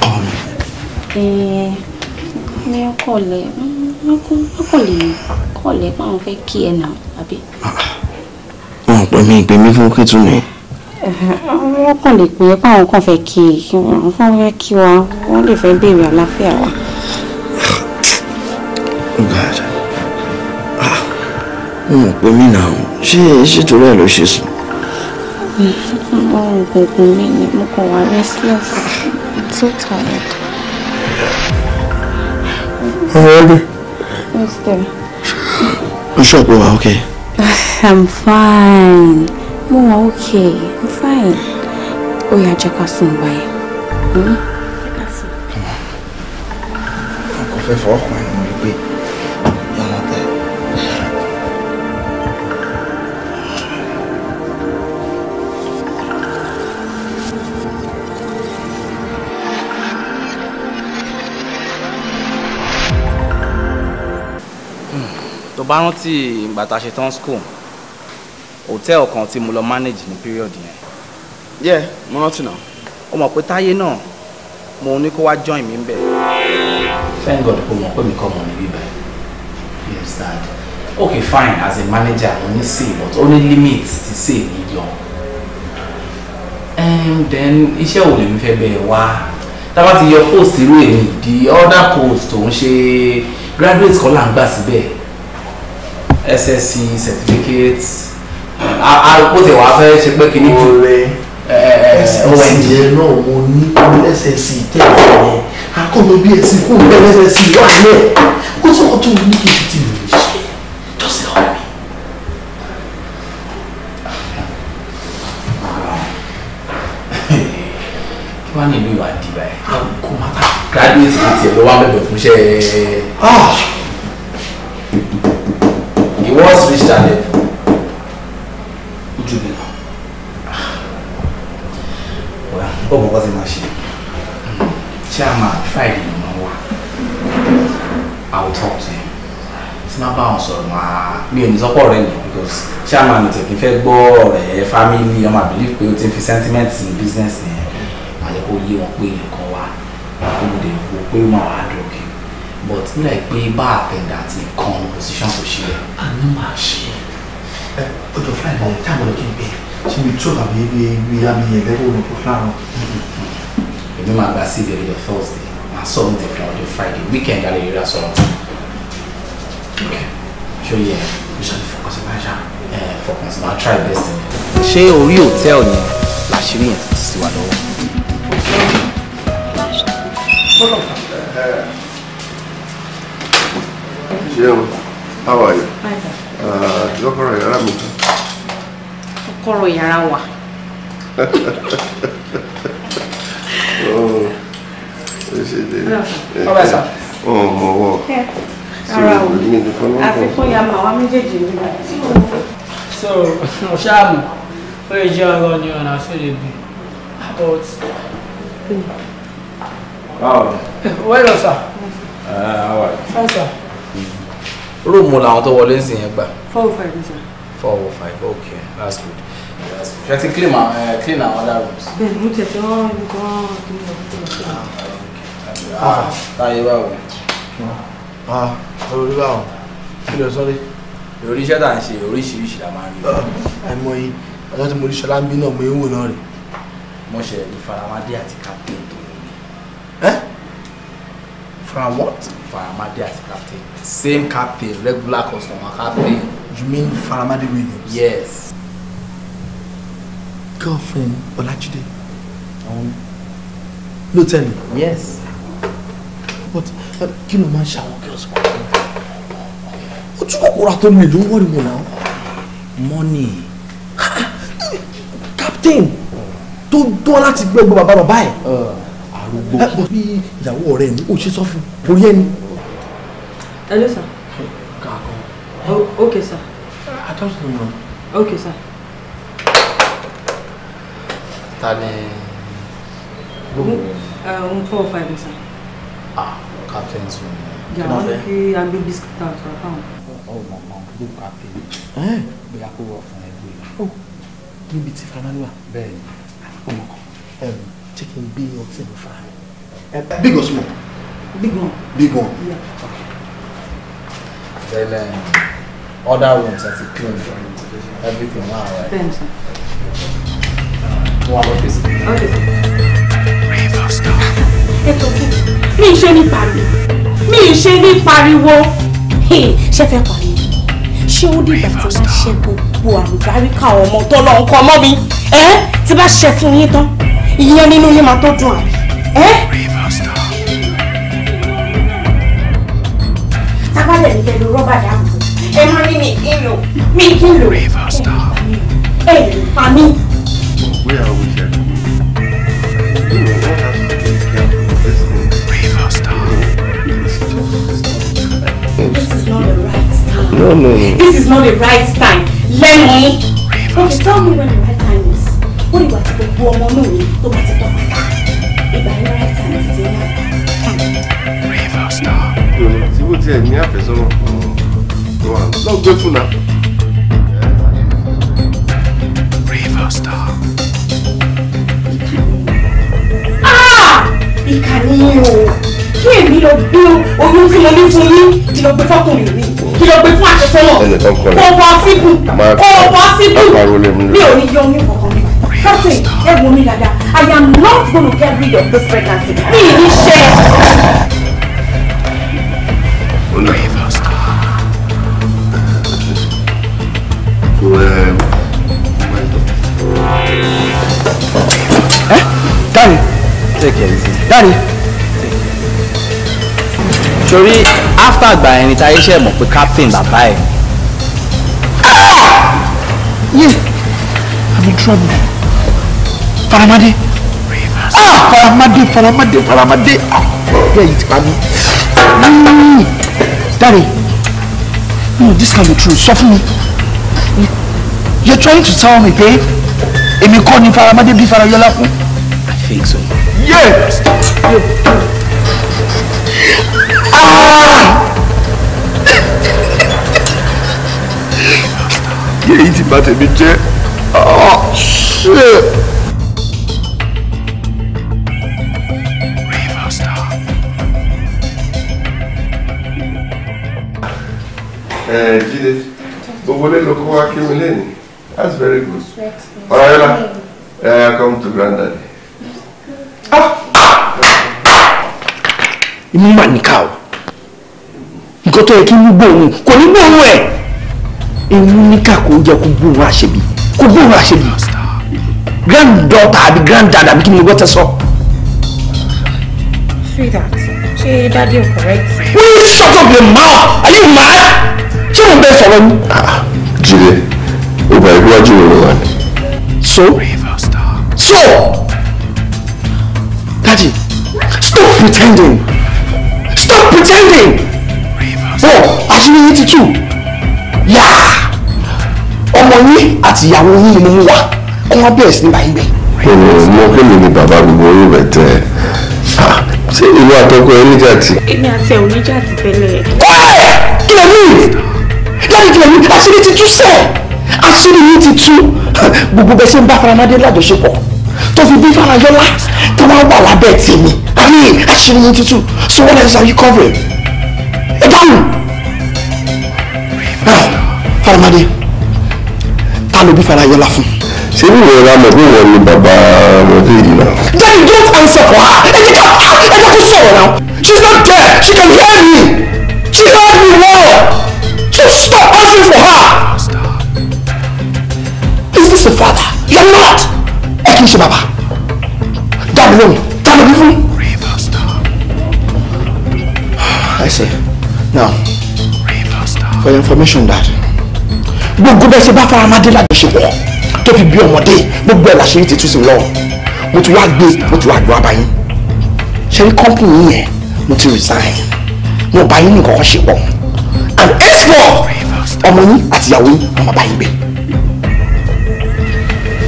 ọkọ mi. ní ọkọ lẹ ọkọ lè kọ lẹ pé àwọn fẹ́ kí ẹ nà àbí. Ah, wọn pè mí ìpè mí fún kìtùnú yìí wọ́n kàn lè pè é páwọn kan fẹ́ kí wọ́n fẹ́ kí wa wọ́n lè fẹ́ béèrè àlàáfíà wa. oh god ah, mo mọ̀ pé mí náà ṣé ṣètò rẹ̀ ló ṣe sùn. mo ń gbogbo mi ni mo kàn wá restless i'm so tired. ọ̀rẹ́ mi. what's there. o ṣọ́ọ̀bù wa okay. i'm fine mo wà okay i'm fine ó yá jẹ́ ká sùn báyìí. ọkọ̀ hmm? fẹ́ fọwọ́ kan ẹni mo rí pé yàrá tẹ. tó bá rántí ìgbà tá a ṣe tán school Hotel kan tí mo lọ manage ni period yẹn. yẹ mo rántí náà. o mọ̀ pé táyé náà mo ní kó wá join mi bẹ̀. thank god kò mọ̀ pé mi kọ́ mọ̀ níbí báyìí you understand okay fine as a manager mo ní say but only ní limit ti say mi gan then iṣẹ́ wo lèmi fẹ́ bẹ́ẹ̀ wá tá ti yọ post irú èmi the other post tó ń ṣe graduate kan là ń gbà síbẹ̀ ssc certificate arúgbó tẹ̀ wá fẹ́ ṣe pé kìíní jù. ssc yẹn náà mo ní ssc tẹ̀lé yẹn akọ́mi bí ẹ̀sìn kún mi ssc wà ní ẹ̀ kó tó kó tó ní kejì tí mi lè ṣe just help me. kí wàá nílò ìwà dìbà ẹ̀. kò má ta. graduate kìí tiẹ̀ ló wá bẹ̀bẹ̀ èmi sọ́pọ̀ ọ̀rẹ́ ni because chairman tẹ̀ kí n fẹ́ gbọ́ ọ̀rẹ́ family ọmọ àbílí pé o ti fi sentiment ní business yẹn àyẹ̀ kó yé wọn pé nǹkan wa kó lè wo pé ó máa wà á dọ̀kì but ó láì pé bá àtẹ̀dá àti kan position kò ṣe é. àná máa ṣe é ọjọ́ fúláì náà táwọn ọdún gbé ṣe mi tó àbí ibi ibi àmì ẹ̀lẹ́wọ̀n ní kò fúláì náà. èmi máa gba sí ìbẹ̀rẹ̀ ọjọ́ Thursday máa sọ ní tẹ̀fẹ̀ ọjọ́ Friday weekend alẹ́ ìrírà sọ̀rọ̀. ṣó yẹ. Okay ṣé orí òtẹ́ẹ̀lì yẹn làṣírí yẹn ti sí wa lọ́wọ́. ṣeun how are you? lọ́kọ̀rọ̀ uh, yàrá mi tán. kọ́kọ́rọ́ yàrá wa. ọ̀hún oh, ṣe dé. ọ̀hún ọ̀wọ́ rárá o àfikún ya màwa méjèèjì nígbà tí mo. so mo ṣáàmù ó lè jẹ́ ọ̀rọ̀ ni ọ̀nà àfẹ́lẹ́ bí but. báwo. wẹ́ẹ̀lọ sà. àwọn. fẹ́ sà. rúùmù làwọn tó wọlé ń sìn yẹn gbà. four oh five sir. four oh five okay that's good. ṣe ti clean our uh, clean our other rooms. bẹ́ẹ̀ni mo tẹsán nǹkan kí n lọ. ah táyé ah, báwo ah ọ̀rọ̀ rí báwọn kí lọ sọ́lé. lórí iṣẹ́ tá à ń ṣe oríṣiríṣi la máa ń rí. Ah, àìmọ̀ yìí ọjọ́ tí mo rí ṣọlá ń bí náà mo ń wò náà rè. mo ṣe ìfaramadé àti captain tó ń wọlé. ẹ from what. faramade àti captain same captain regular customer captain. you mean faramade williams. yes. girlfriend ọlájídé. Um, no tell me. yes but kí ló máa ń ṣe àwọn girls wọn. ojú kòkòrò àtọ́nu èlò ń wọ́ọ̀rì mi náà. money. captain tó dán láti gbé gbogbo bàbá bàbá ẹ̀. arúgbó bí ìyàwó ọ̀rẹ́ ni ó ṣe sọ fún orí ẹni. ẹ ló sà. Oh, okay sir. I just don't know. okay sir. ta ni. um four five sir. ah captain tún ni. yàrá ló fi agbé biscuit out of town. ọmọ kan ló captain bóyá kó wọ fún ẹgbẹ́ rẹ̀. níbi tí Faraní wà. bẹ́ẹ̀ni ọmọ kan ṣé kí big or small. big one. big one. Yeah. Okay. Then um, other ones that you clean everything. All right. Thanks. One of these. Okay mi ṣe ní pariwo mi ṣe ní pariwo. ṣé fẹ́ pariwo ṣé ó dìgbà tí wọ́n ṣe gbogbo àlùbáríkà ọmọ tó lọ nǹkan mọ́ mi tí bá ṣe fún yín tán ìyẹn nínú yín máa tó dùn àbí tábàlẹ̀ mi pẹ̀lú rọ́bà dáàbò ẹ máa ní mi kí mi kí n lò pa mí. where are we here? No, no, no. This is not the right time. Let me. Okay, tell me when the right time is. What dìgbà tí gbogbo ọmọ náà ní tó bá ti tọ́ pátá. Ìgbà yẹn right time ti ti ń wá. River Star. Tí mo tiẹ̀ ní àfẹ́sọ́nà tó wà lọ́gbẹ́ fún River Star. Ìkànnì o, kí èmi lọ bí oyún tí mo ní fún yín, ìlọgbẹ́ fọkùnrin mi kí ló gbé fún àṣetọ́nà kò pọ́síbù kò pọ́síbù mi ò ní yọ ní kankan mi kọ́sẹ̀ ẹ wo mi dada I am not gonna get rid of this pregnancy mi ì ní ṣe. Daddy, take it easy. Daddy, Jory after àgbà yẹn ni táyé ṣe mọ̀ pé captain bàbá ẹ̀. Ah! yé i'm in trouble faramade ah faramade faramade faramade ah bẹ́ẹ̀ yìí ti pa mí dare no this can be true sọ fún mi you're trying to tell me pé èmi kọ́ ni faramade bí farayọlá fún. i think so. yeah. yeah. Ah! kí èyí ti bá tèmi jẹ́ ọ́ ah, ṣe. Eh, jíde gbogbo lẹ́nu kó wá kí mi lẹ́nu that's very good ọ̀rẹ́lá ẹ̀yà come to granddaddy. Ah! imú mà ní ká o nǹkan tó yẹ kí n gbóòórùn kò ní gbóòórùn ẹ̀ ewu níkà kò jẹ́ kó gbóhùn àṣebí kó gbóhùn àṣebí granddaughter àbí granddad àbí kí ni mo gbọ́ tẹ́ sọ. sweetheart ṣé daddy is correct. will you shut up your mouth are you mad ṣé mo bẹ sọ̀rọ̀ ni. Ah, jíde o bá ẹgbẹ́ wájú rẹ̀ wá ni. so so daddy stop pretending stop pretending. bọ́ọ̀ àṣírí yìí ti tú ọmọ yín àti ìyàwó yín ni mo mú wá kó wọn bẹ̀rẹ̀ sí ní báyìí bẹ̀. mo kí mi ni bàbá gbogbo orí rẹ tẹ ah, ṣé ìlú àtọkọ ẹ níjà tì. èmi àti ẹ ò níjà tì tẹ́lẹ̀. kọ́ẹ̀ kí lè mí láti kí lè mí àṣírí ti tú sẹ́ẹ̀ àṣírí yìí ti tú gbogbo bẹ́ẹ̀ ṣe ń bá faramádé lájọṣepọ̀ tó fi bí farayọ́lá tó wá wà lábẹ́ tèmi àmì àṣírí yìí ti tú so what else are àlòbí farayọlá fún. ṣé bí ìwọ ramọ bí ìwọ ni bàbá ọmọdé yìí náà. Daddy don't answer for her ẹ jẹ́ ká ẹ jẹ́ kó sọ̀rọ̀ now she's not there she can hear me she heard me well Just stop answering for her. is this a father you are not ẹ kì í ṣe bàbá dábìlì òun dábìlì fún. I say now for your information dad gbogbo bẹ́ẹ̀ ṣe bá faramadé lájọṣepọ̀ tó fi bí ọmọdé gbogbo ẹ̀ làṣírí ti tú sí lọ́wọ́ mo ti wá gbé mo ti wá gbọ́ abayín ṣe rí kọ́mpìnì yẹn mo ti resign mo bá yín nìkan kan ṣe pọ̀ and for ọmọ yín àtìyàwó yín ọmọ bá yín gbé.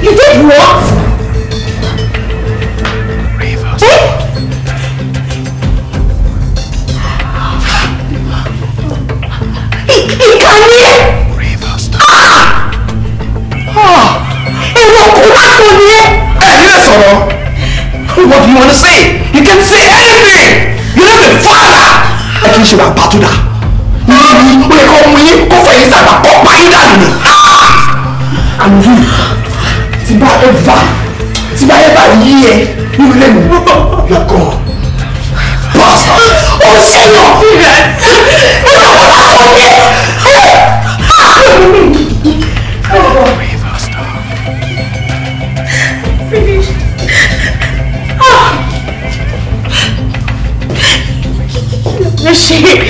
you did what? want to say. You can say anything. You're not a father. Ẹ kì í ṣe wà pàtúdà. Yìí ni ó yẹ kó mú yín kó fẹ̀yìn sàgbà kó pa yín dànù ni. And you ti bá ever ti bá ever yí ẹ nínú lẹ́nu yóò kọ́ pásítọ̀. Ó ṣe yàn. Ó yàn wọ́n láwọn yẹn. shit.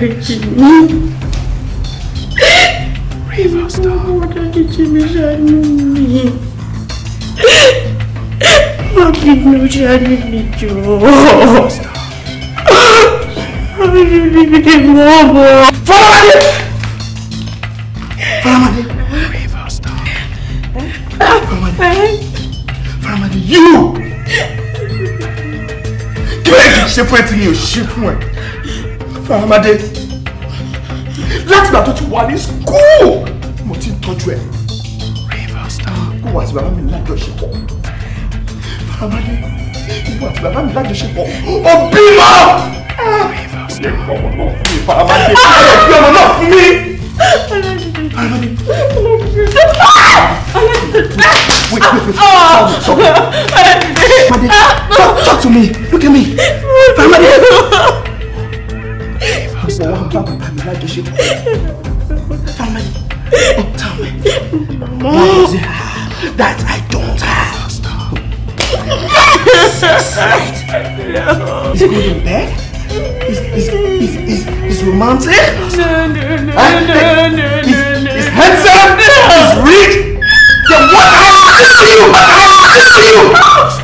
dáríjì mí. Ọmọ dáríjì mí ṣàánú mi. Má bínú ṣàánú mi jọ. Mọ̀ mọ̀. Fọlọ́mọdé! Fọlọ́mọdé! Fọlọ́mọdé! Fọlọ́mọdé! You! Kí ló yẹ kí n ṣe fún ẹ tí mi ò ṣe fún ẹ? Ramade látìgbà tó ti wà ní skúù mo ti ń tọ́jú ẹ̀ kó wà sí bàbá mi lájọṣepọ̀ Ramade ìwọ àti bàbá mi lájọṣepọ̀ ó bímọ. Ramade ẹ gbé ọmọ náà fún mi. Ramade. Wait, wait, wait. Stop, stop. talk, to me. Look at me. Ah, Ramade bá bàbá mi lájọṣepọ̀ family Tell me. mọ́ that I don't have. Is it good in bed. Is is is is it's romantic. No, no, no, no, no, no, It's handsome. Is rich. Then what I do to you? What I do to you?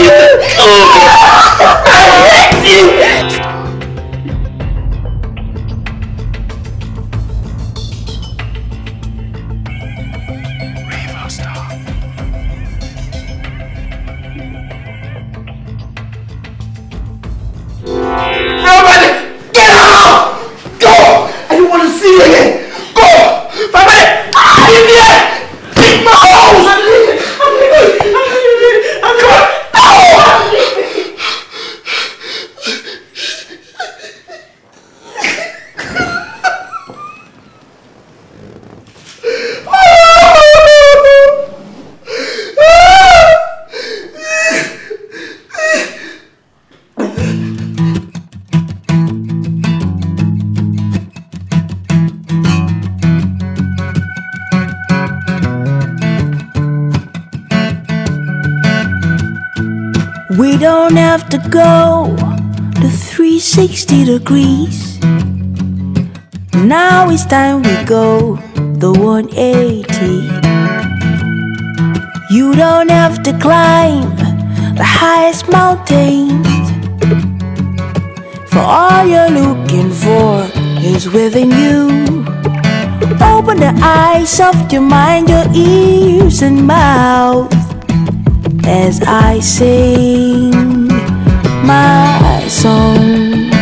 oh. I hate you! degrees. Now it's time we go the 180. You don't have to climb the highest mountains. For all you're looking for is within you. Open the eyes of your mind, your ears and mouth as I sing my song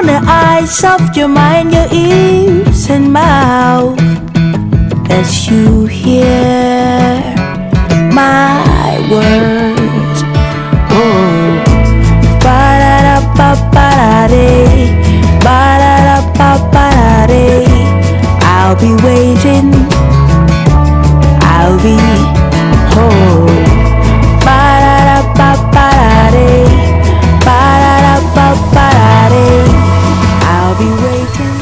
open the eyes of your mind, your ears and mouth as you hear my words. Oh, ba da da ba ba da day, ba da da ba ba da day. I'll be waiting. I'll be. be waiting.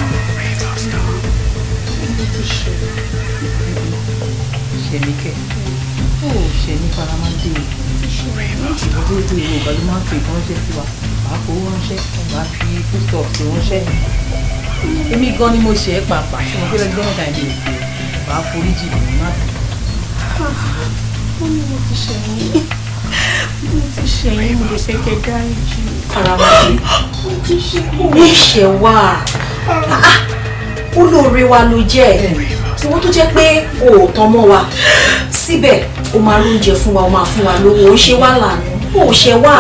Ṣèlékẹ́, ó ṣe ní Faramade. Ìwọ tó ti wo ìgbà ló máa ń fi ìbọn ránṣẹ́ sí wa. Màá fowó ránṣẹ́, màá fi foodstuffs ránṣẹ́. Èmi gan ni mo ṣe é pàápàá. Ṣé mo fẹ́ lọ́jọ́ mẹ́ta ìdí òkè? Màá forí jì mí má bì. Mo ní mo ti ṣẹ̀yìn. Mo ti ṣẹ̀yìn, mo lè fẹ́ kẹ́ dáríjì. Faramade ní ìṣe wa ah, olóore ah, wa ló jẹ́ ìwọ tó jẹ́ pé o ò tán mọ́ wa síbẹ̀ o máa lóúnjẹ fún wa o máa fún wa lówó o ṣe wá lànà o ò ṣe wá.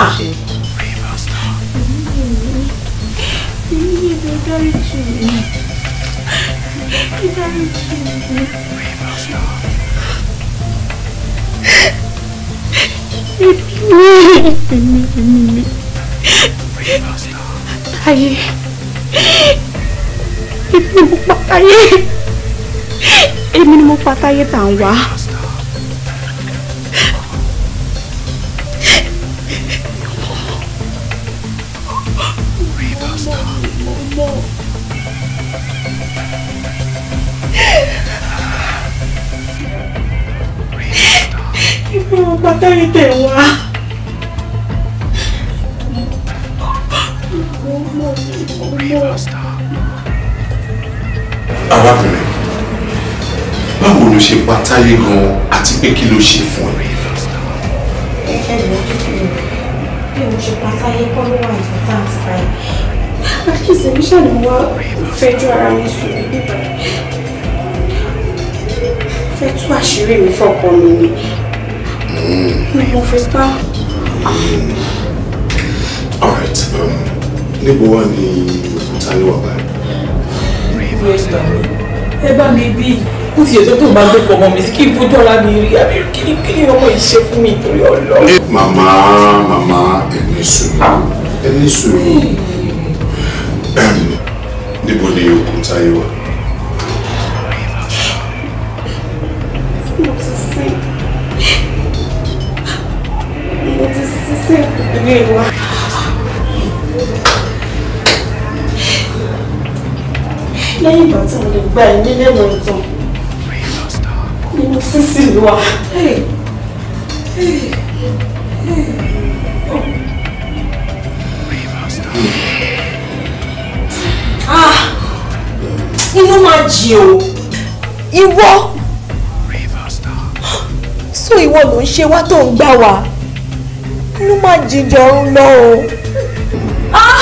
ni mo pa táyé èmi ni mo pa táyé tà ń wá. Stop arábìnrin báwo ló ṣe pa táyé gan àti pé kí ló ṣe fún ẹ. ẹ jẹ́ ìwọ kékeré bí mo ṣe pa táyé kọ́ ló wà important báyìí àkíyèsí mi ṣàlè wá ara mi sùn fẹ́ tú àṣírí mi fọkàn mi ni hmm. mo fi pa. Hmm. all um, níbo wà ní òkúta ló báyìí question ẹ bá mi bí kó tiẹ̀ tó tó máa gbé pọ̀ mọ́ mi kí n fojú ara mi rí àbí kí ni ọmọ yìí ṣe fún mi torí ọlọ. màmá màmá ẹni sùúrù ah. ẹni sùúrù níbo ni okùn táyé wà. Thank you. lẹ́yìn ìgbà tí mo lè gba ẹ̀mí lẹ́nu ìtàn nínú sísì wa. Ah! inú máa jì o ìwọ so ìwọ ló ń ṣe wá tó ń gbà wá inú máa jìjọ ń lọ o. Ah!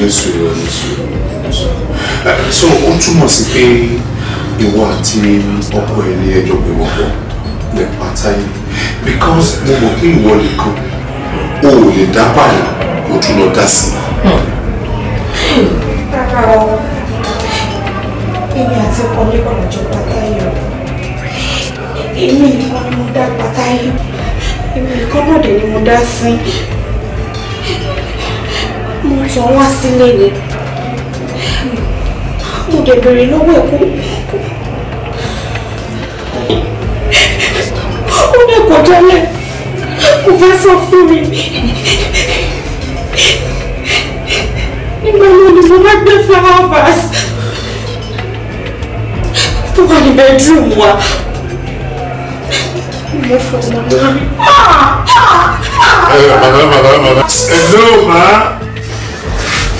ní sùúrù ní sùúrù so o túmọ̀ sí pé ìwọ àti ọkọ ẹ̀ ní ẹjọ́ pé wọ́n pọ̀ nípa táyé because mo mọ̀ pé ìwọ nìkan o ò lè dá bàyà o tún lọ dá sí. rárá o èmi àti ọkọ mi kọ̀ lọ́jọ́ pátáyọ̀ èmi nìkan ni mo dá pátáyọ̀ èmi nìkan náà dé ni mo dá sí mo ṣe wá sílé ni mo dẹ̀ bèrè lọ́wọ́ ẹ̀ kó ó dẹ̀ kò jẹ́lẹ̀ kò fẹ́ sọ fún mi nígbà wo ni mo bá gbé flowers tó wà ní bedroom wa mo fọ ọmọ náà. Hello, ma.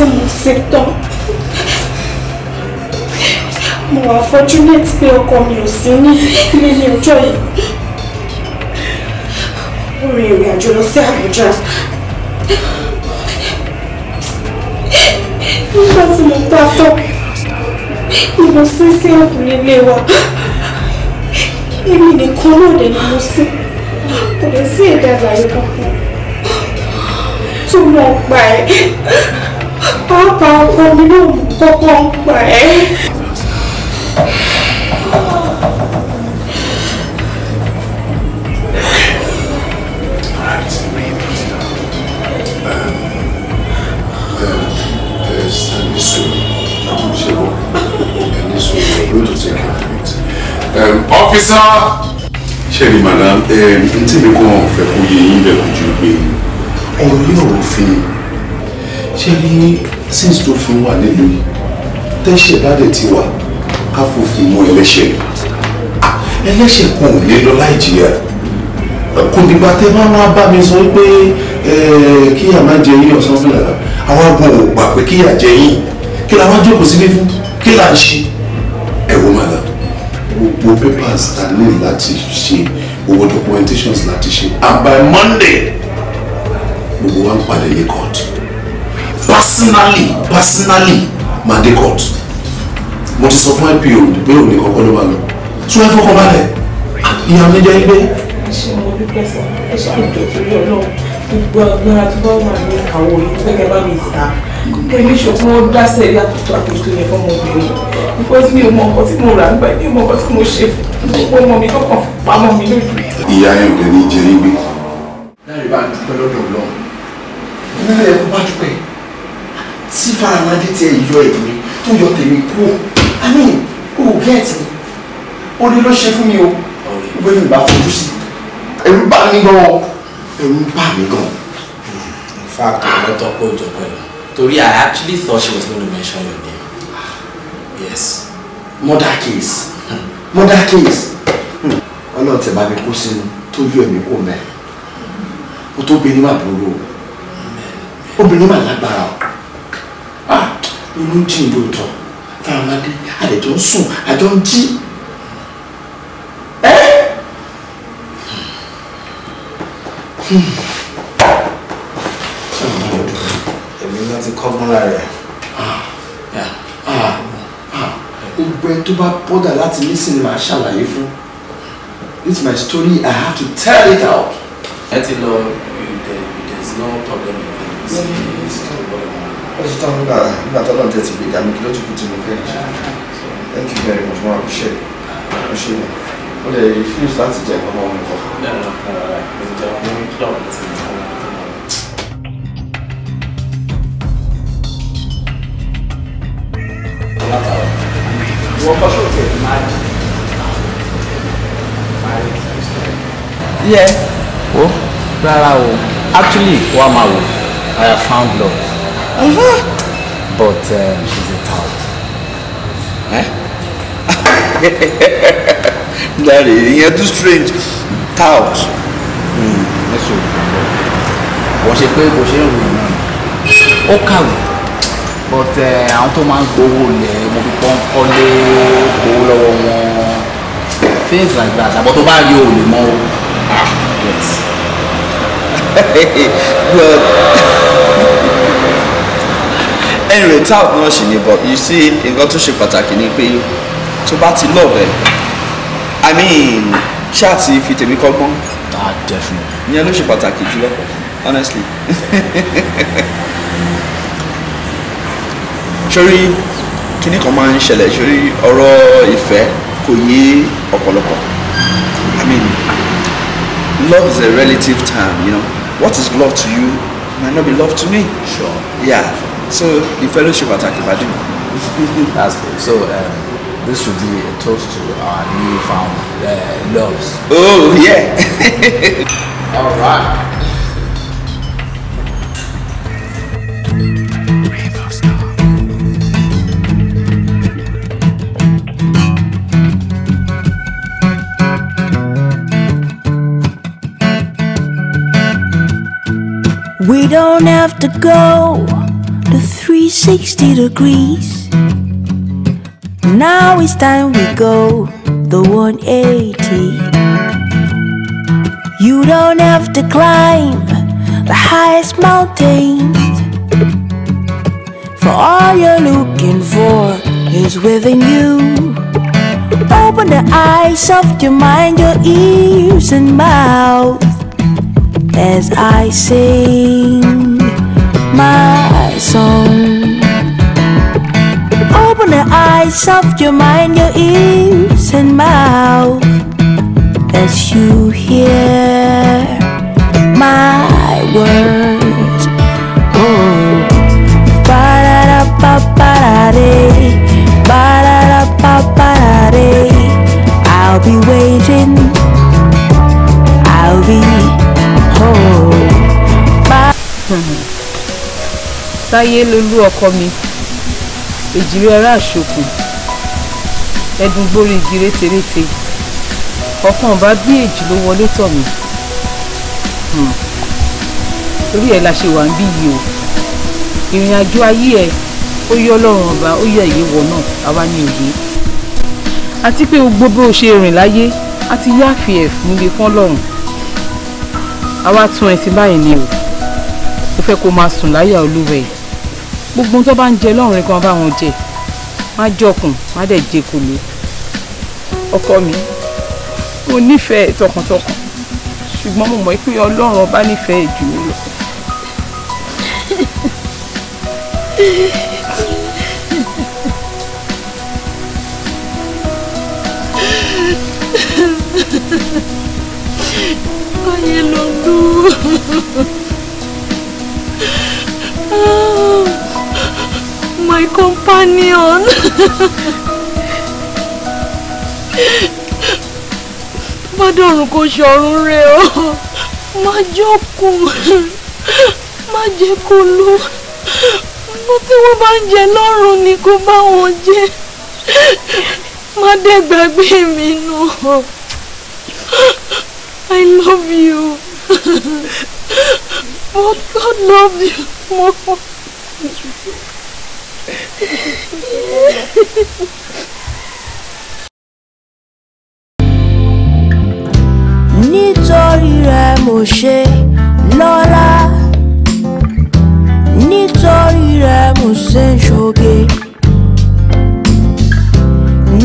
tí mo ṣe tán mo wà fortunate pé ọkọ mi ò sí ní nílé ọjọ́ yìí ó rin ìrìn àjò lọ sí Àbújá nígbà tí mo bá tán ni mo sí sí ọ̀gùn nílé wa èmi nìkan náà dẹ̀ ni mo sí kò lè sí ìdàgbàyé kankan tó mọ̀ pa ẹ́ pa ọkọ mi náà kọ́kọ́ ń pa um, Officer! Sherry, madam, um, mi kàn fẹ́ kó yẹ yín bẹ̀rù ju pé ọ̀rọ̀ yóò rò fún un. Ṣé ní since tó fi wà nílùú yìí tẹ́ṣẹ̀ bá dẹ̀ ti wà ká fòfin mọ ẹlẹ́ṣẹ̀ ẹlẹ́ṣẹ̀ kan ò lè lọ láì jìyà kò dìgbà tẹ́ bá wá bá mi sọ pé kíyà má jẹ yín ọ̀sán fún yàrá àwọn agbọ̀n ò gbà pé kíyà jẹ yín kí la wá jókòó sílé fún kí la ń ṣe ẹ wo màdà gbogbo papers ta ní láti ṣe gbogbo documentations láti ṣe and by Monday gbogbo wa ń padà ní court personally personally máa dé court mo ti sọ fún ipo pé òní kọ́kọ́ ló máa lọ tún ẹ fọkàn balẹ̀ ìyá mi jẹ́ gbé. ẹ ṣe mo dúpẹ́ sọ ẹ ṣe àjọ torí ọlọ́run gbogbo agbára tó bá wà ní àwọn òyìnbó gẹ́gẹ́ bá mi ta èmi sọ fún wọn dáṣẹ ilé àtúntò àtúntò yẹn fọmọbìnrin because mi ò mọ nǹkan tí mo rà nígbà mi ò mọ nǹkan tí mo ṣe gbogbo ọmọ mi tó kàn pamọ́ mi lójú. ìyá yẹn ò dẹ̀ ní jẹ́ nígbè. láì bá dúpẹ́ lọ́dọ̀ ọlọ́run nílẹ̀ ẹ̀kọ́ bá dúpẹ́ tí faramadi tẹ ìyọ ẹ̀mí tó yọ tèmi kú i mean o ò gẹ́ẹ̀tì orí ló ṣe fún mi o gbé mi bá fojú sí ẹ̀rù bà mí gan ẹ̀rù bà mí gan. in fact ọ̀rọ̀ tó pọ̀ jọ torí i actually thought she was going to mention your name yes. murder case murder case hmm. ọlọ́run tẹ̀ bá mi kó sínú tó yọ ẹ̀mí kó mẹ́ẹ̀ o tó obìnrin mà burú o obìnrin mà lágbára o inú jìn lóòótọ́ faramade àdẹjọ ń sùn àjọ ń jí. Hmm. èmi náà ti kọ́gbọ́n lára ẹ̀. gbogbo ẹ tó bá bọ́dà láti nísìn ni màá ṣàlàyé fún it's my story i have to tell it out. ẹ ti lọ there is no problem in this ó ti tán nígbà nígbà tó lọ́n tẹ̀sí gbéga mi kí ló tún kù tí mo thank you very much mo appreciate mo ṣe mi ó lè refuse láti jẹ ọmọ mi kọ. wọ́n kọ́ sókè máa jì máa rí kí n sọ. yẹ wo rárá o actually wa máa wò I have found love. Uh -huh. But um, she's a tall. Eh? that is, ìyẹn too strange. Tout. Ẹ̀sùn wọ́n ṣe pé bó ṣe ń ròyìn náà ó kàwé but uh, àwọn tó máa ń gbowó lẹ̀ mo fi pọ́n kọ́lé gbowó lọ́wọ́ wọn things like that àbọ̀ tó bá rí o mọ́ o. ah yes. but, ẹ̀yìn rẹ̀ tá ọ̀dún náà ṣì ní bọ̀ you see nǹkan tó ṣe pàtàkì ni pé tó bá ti lọ́ọ̀bẹ̀ i mean ṣáà ti fi tèmi kọ́gbọ́n ah, ìyẹn ló ṣe pàtàkì jùlọ honestly sori kíní kan máa ń ṣẹlẹ̀ sori ọ̀rọ̀ ìfẹ́ kò yé ọ̀pọ̀lọpọ̀ i mean love is a relative term you know what is love to you might not be love to me sure yeah. So the fellowship at Akibadino. That's good. So um, this should be a toast to our newfound uh, loves. Oh yeah. All right. We don't have to go 360 degrees. Now it's time we go the 180. You don't have to climb the highest mountains. For all you're looking for is within you. Open the eyes of your mind, your ears and mouth as I sing my song. Open the eyes of your mind, your ears and mouth as you hear my words. Oh, ba da da ba ba da day, ba da da ba ba da day. I'll be waiting. I'll be home. Oh, Bye. táyé lolú ọkọ mi èjìrè ara àṣokùn ẹdùn gbórí igi rétérété ọkàn bá bí èjì ló wọlé tọ̀ mí hmm. orí ẹ̀ la ṣe wà ń bí yìí o ìrìn àjò ayé ẹ̀ ó yọ ọlọ́run ọba ó yọ ìyẹ́wọ̀ náà àwa ni òye àti pé gbogbo bó ṣe rìn láyé a ti yáàfin ẹ̀ níbi fún ọlọ́run àwa tún ẹ̀ sí báyìí ni o ó fẹ́ kó máa sùn láyà olúwẹ̀ẹ́ gbogbo tó bá ń jẹ lọ́rùn rẹ kan bá wọn jẹ má jọkùn má dẹ̀ jẹ kòló ọkọ mi mo nífẹ̀ẹ́ tọkàntọkàn ṣùgbọ́n mo mọ̀ pé ọlọ́run ọba nífẹ̀ẹ́ jù mí lọ. Ayé lọ́dún. my companion. bá dọ̀rùn kò ṣọ̀run rẹ̀ ọ́ má jókòó má jẹ́ kó lọ mo tí wọ́n bá ń jẹ lọ́rùn ni kó bá wọn jẹ má dẹ̀ gbàgbé mi nù I love you God love you more nítorí rẹ̀ mo ṣe lọ́lá nítorí rẹ̀ mo ṣe ń ṣoge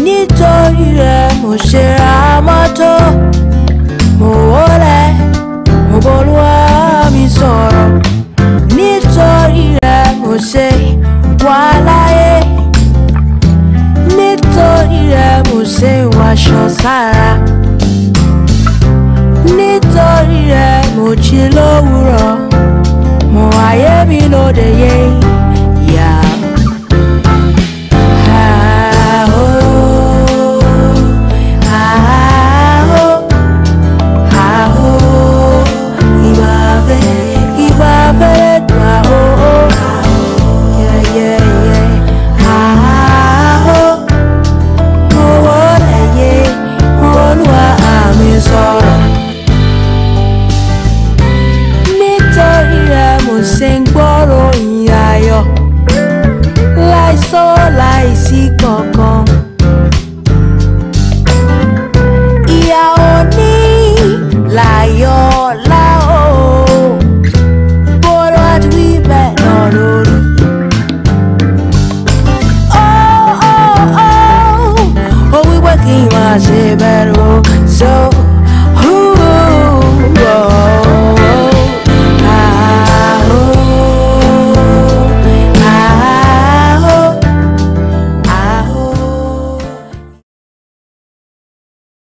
nítorí rẹ̀ mo ṣe ra mọ́tò. sára nítorí rẹ̀ mo jí lówùúrọ̀ mo ayé mi lóde yéé.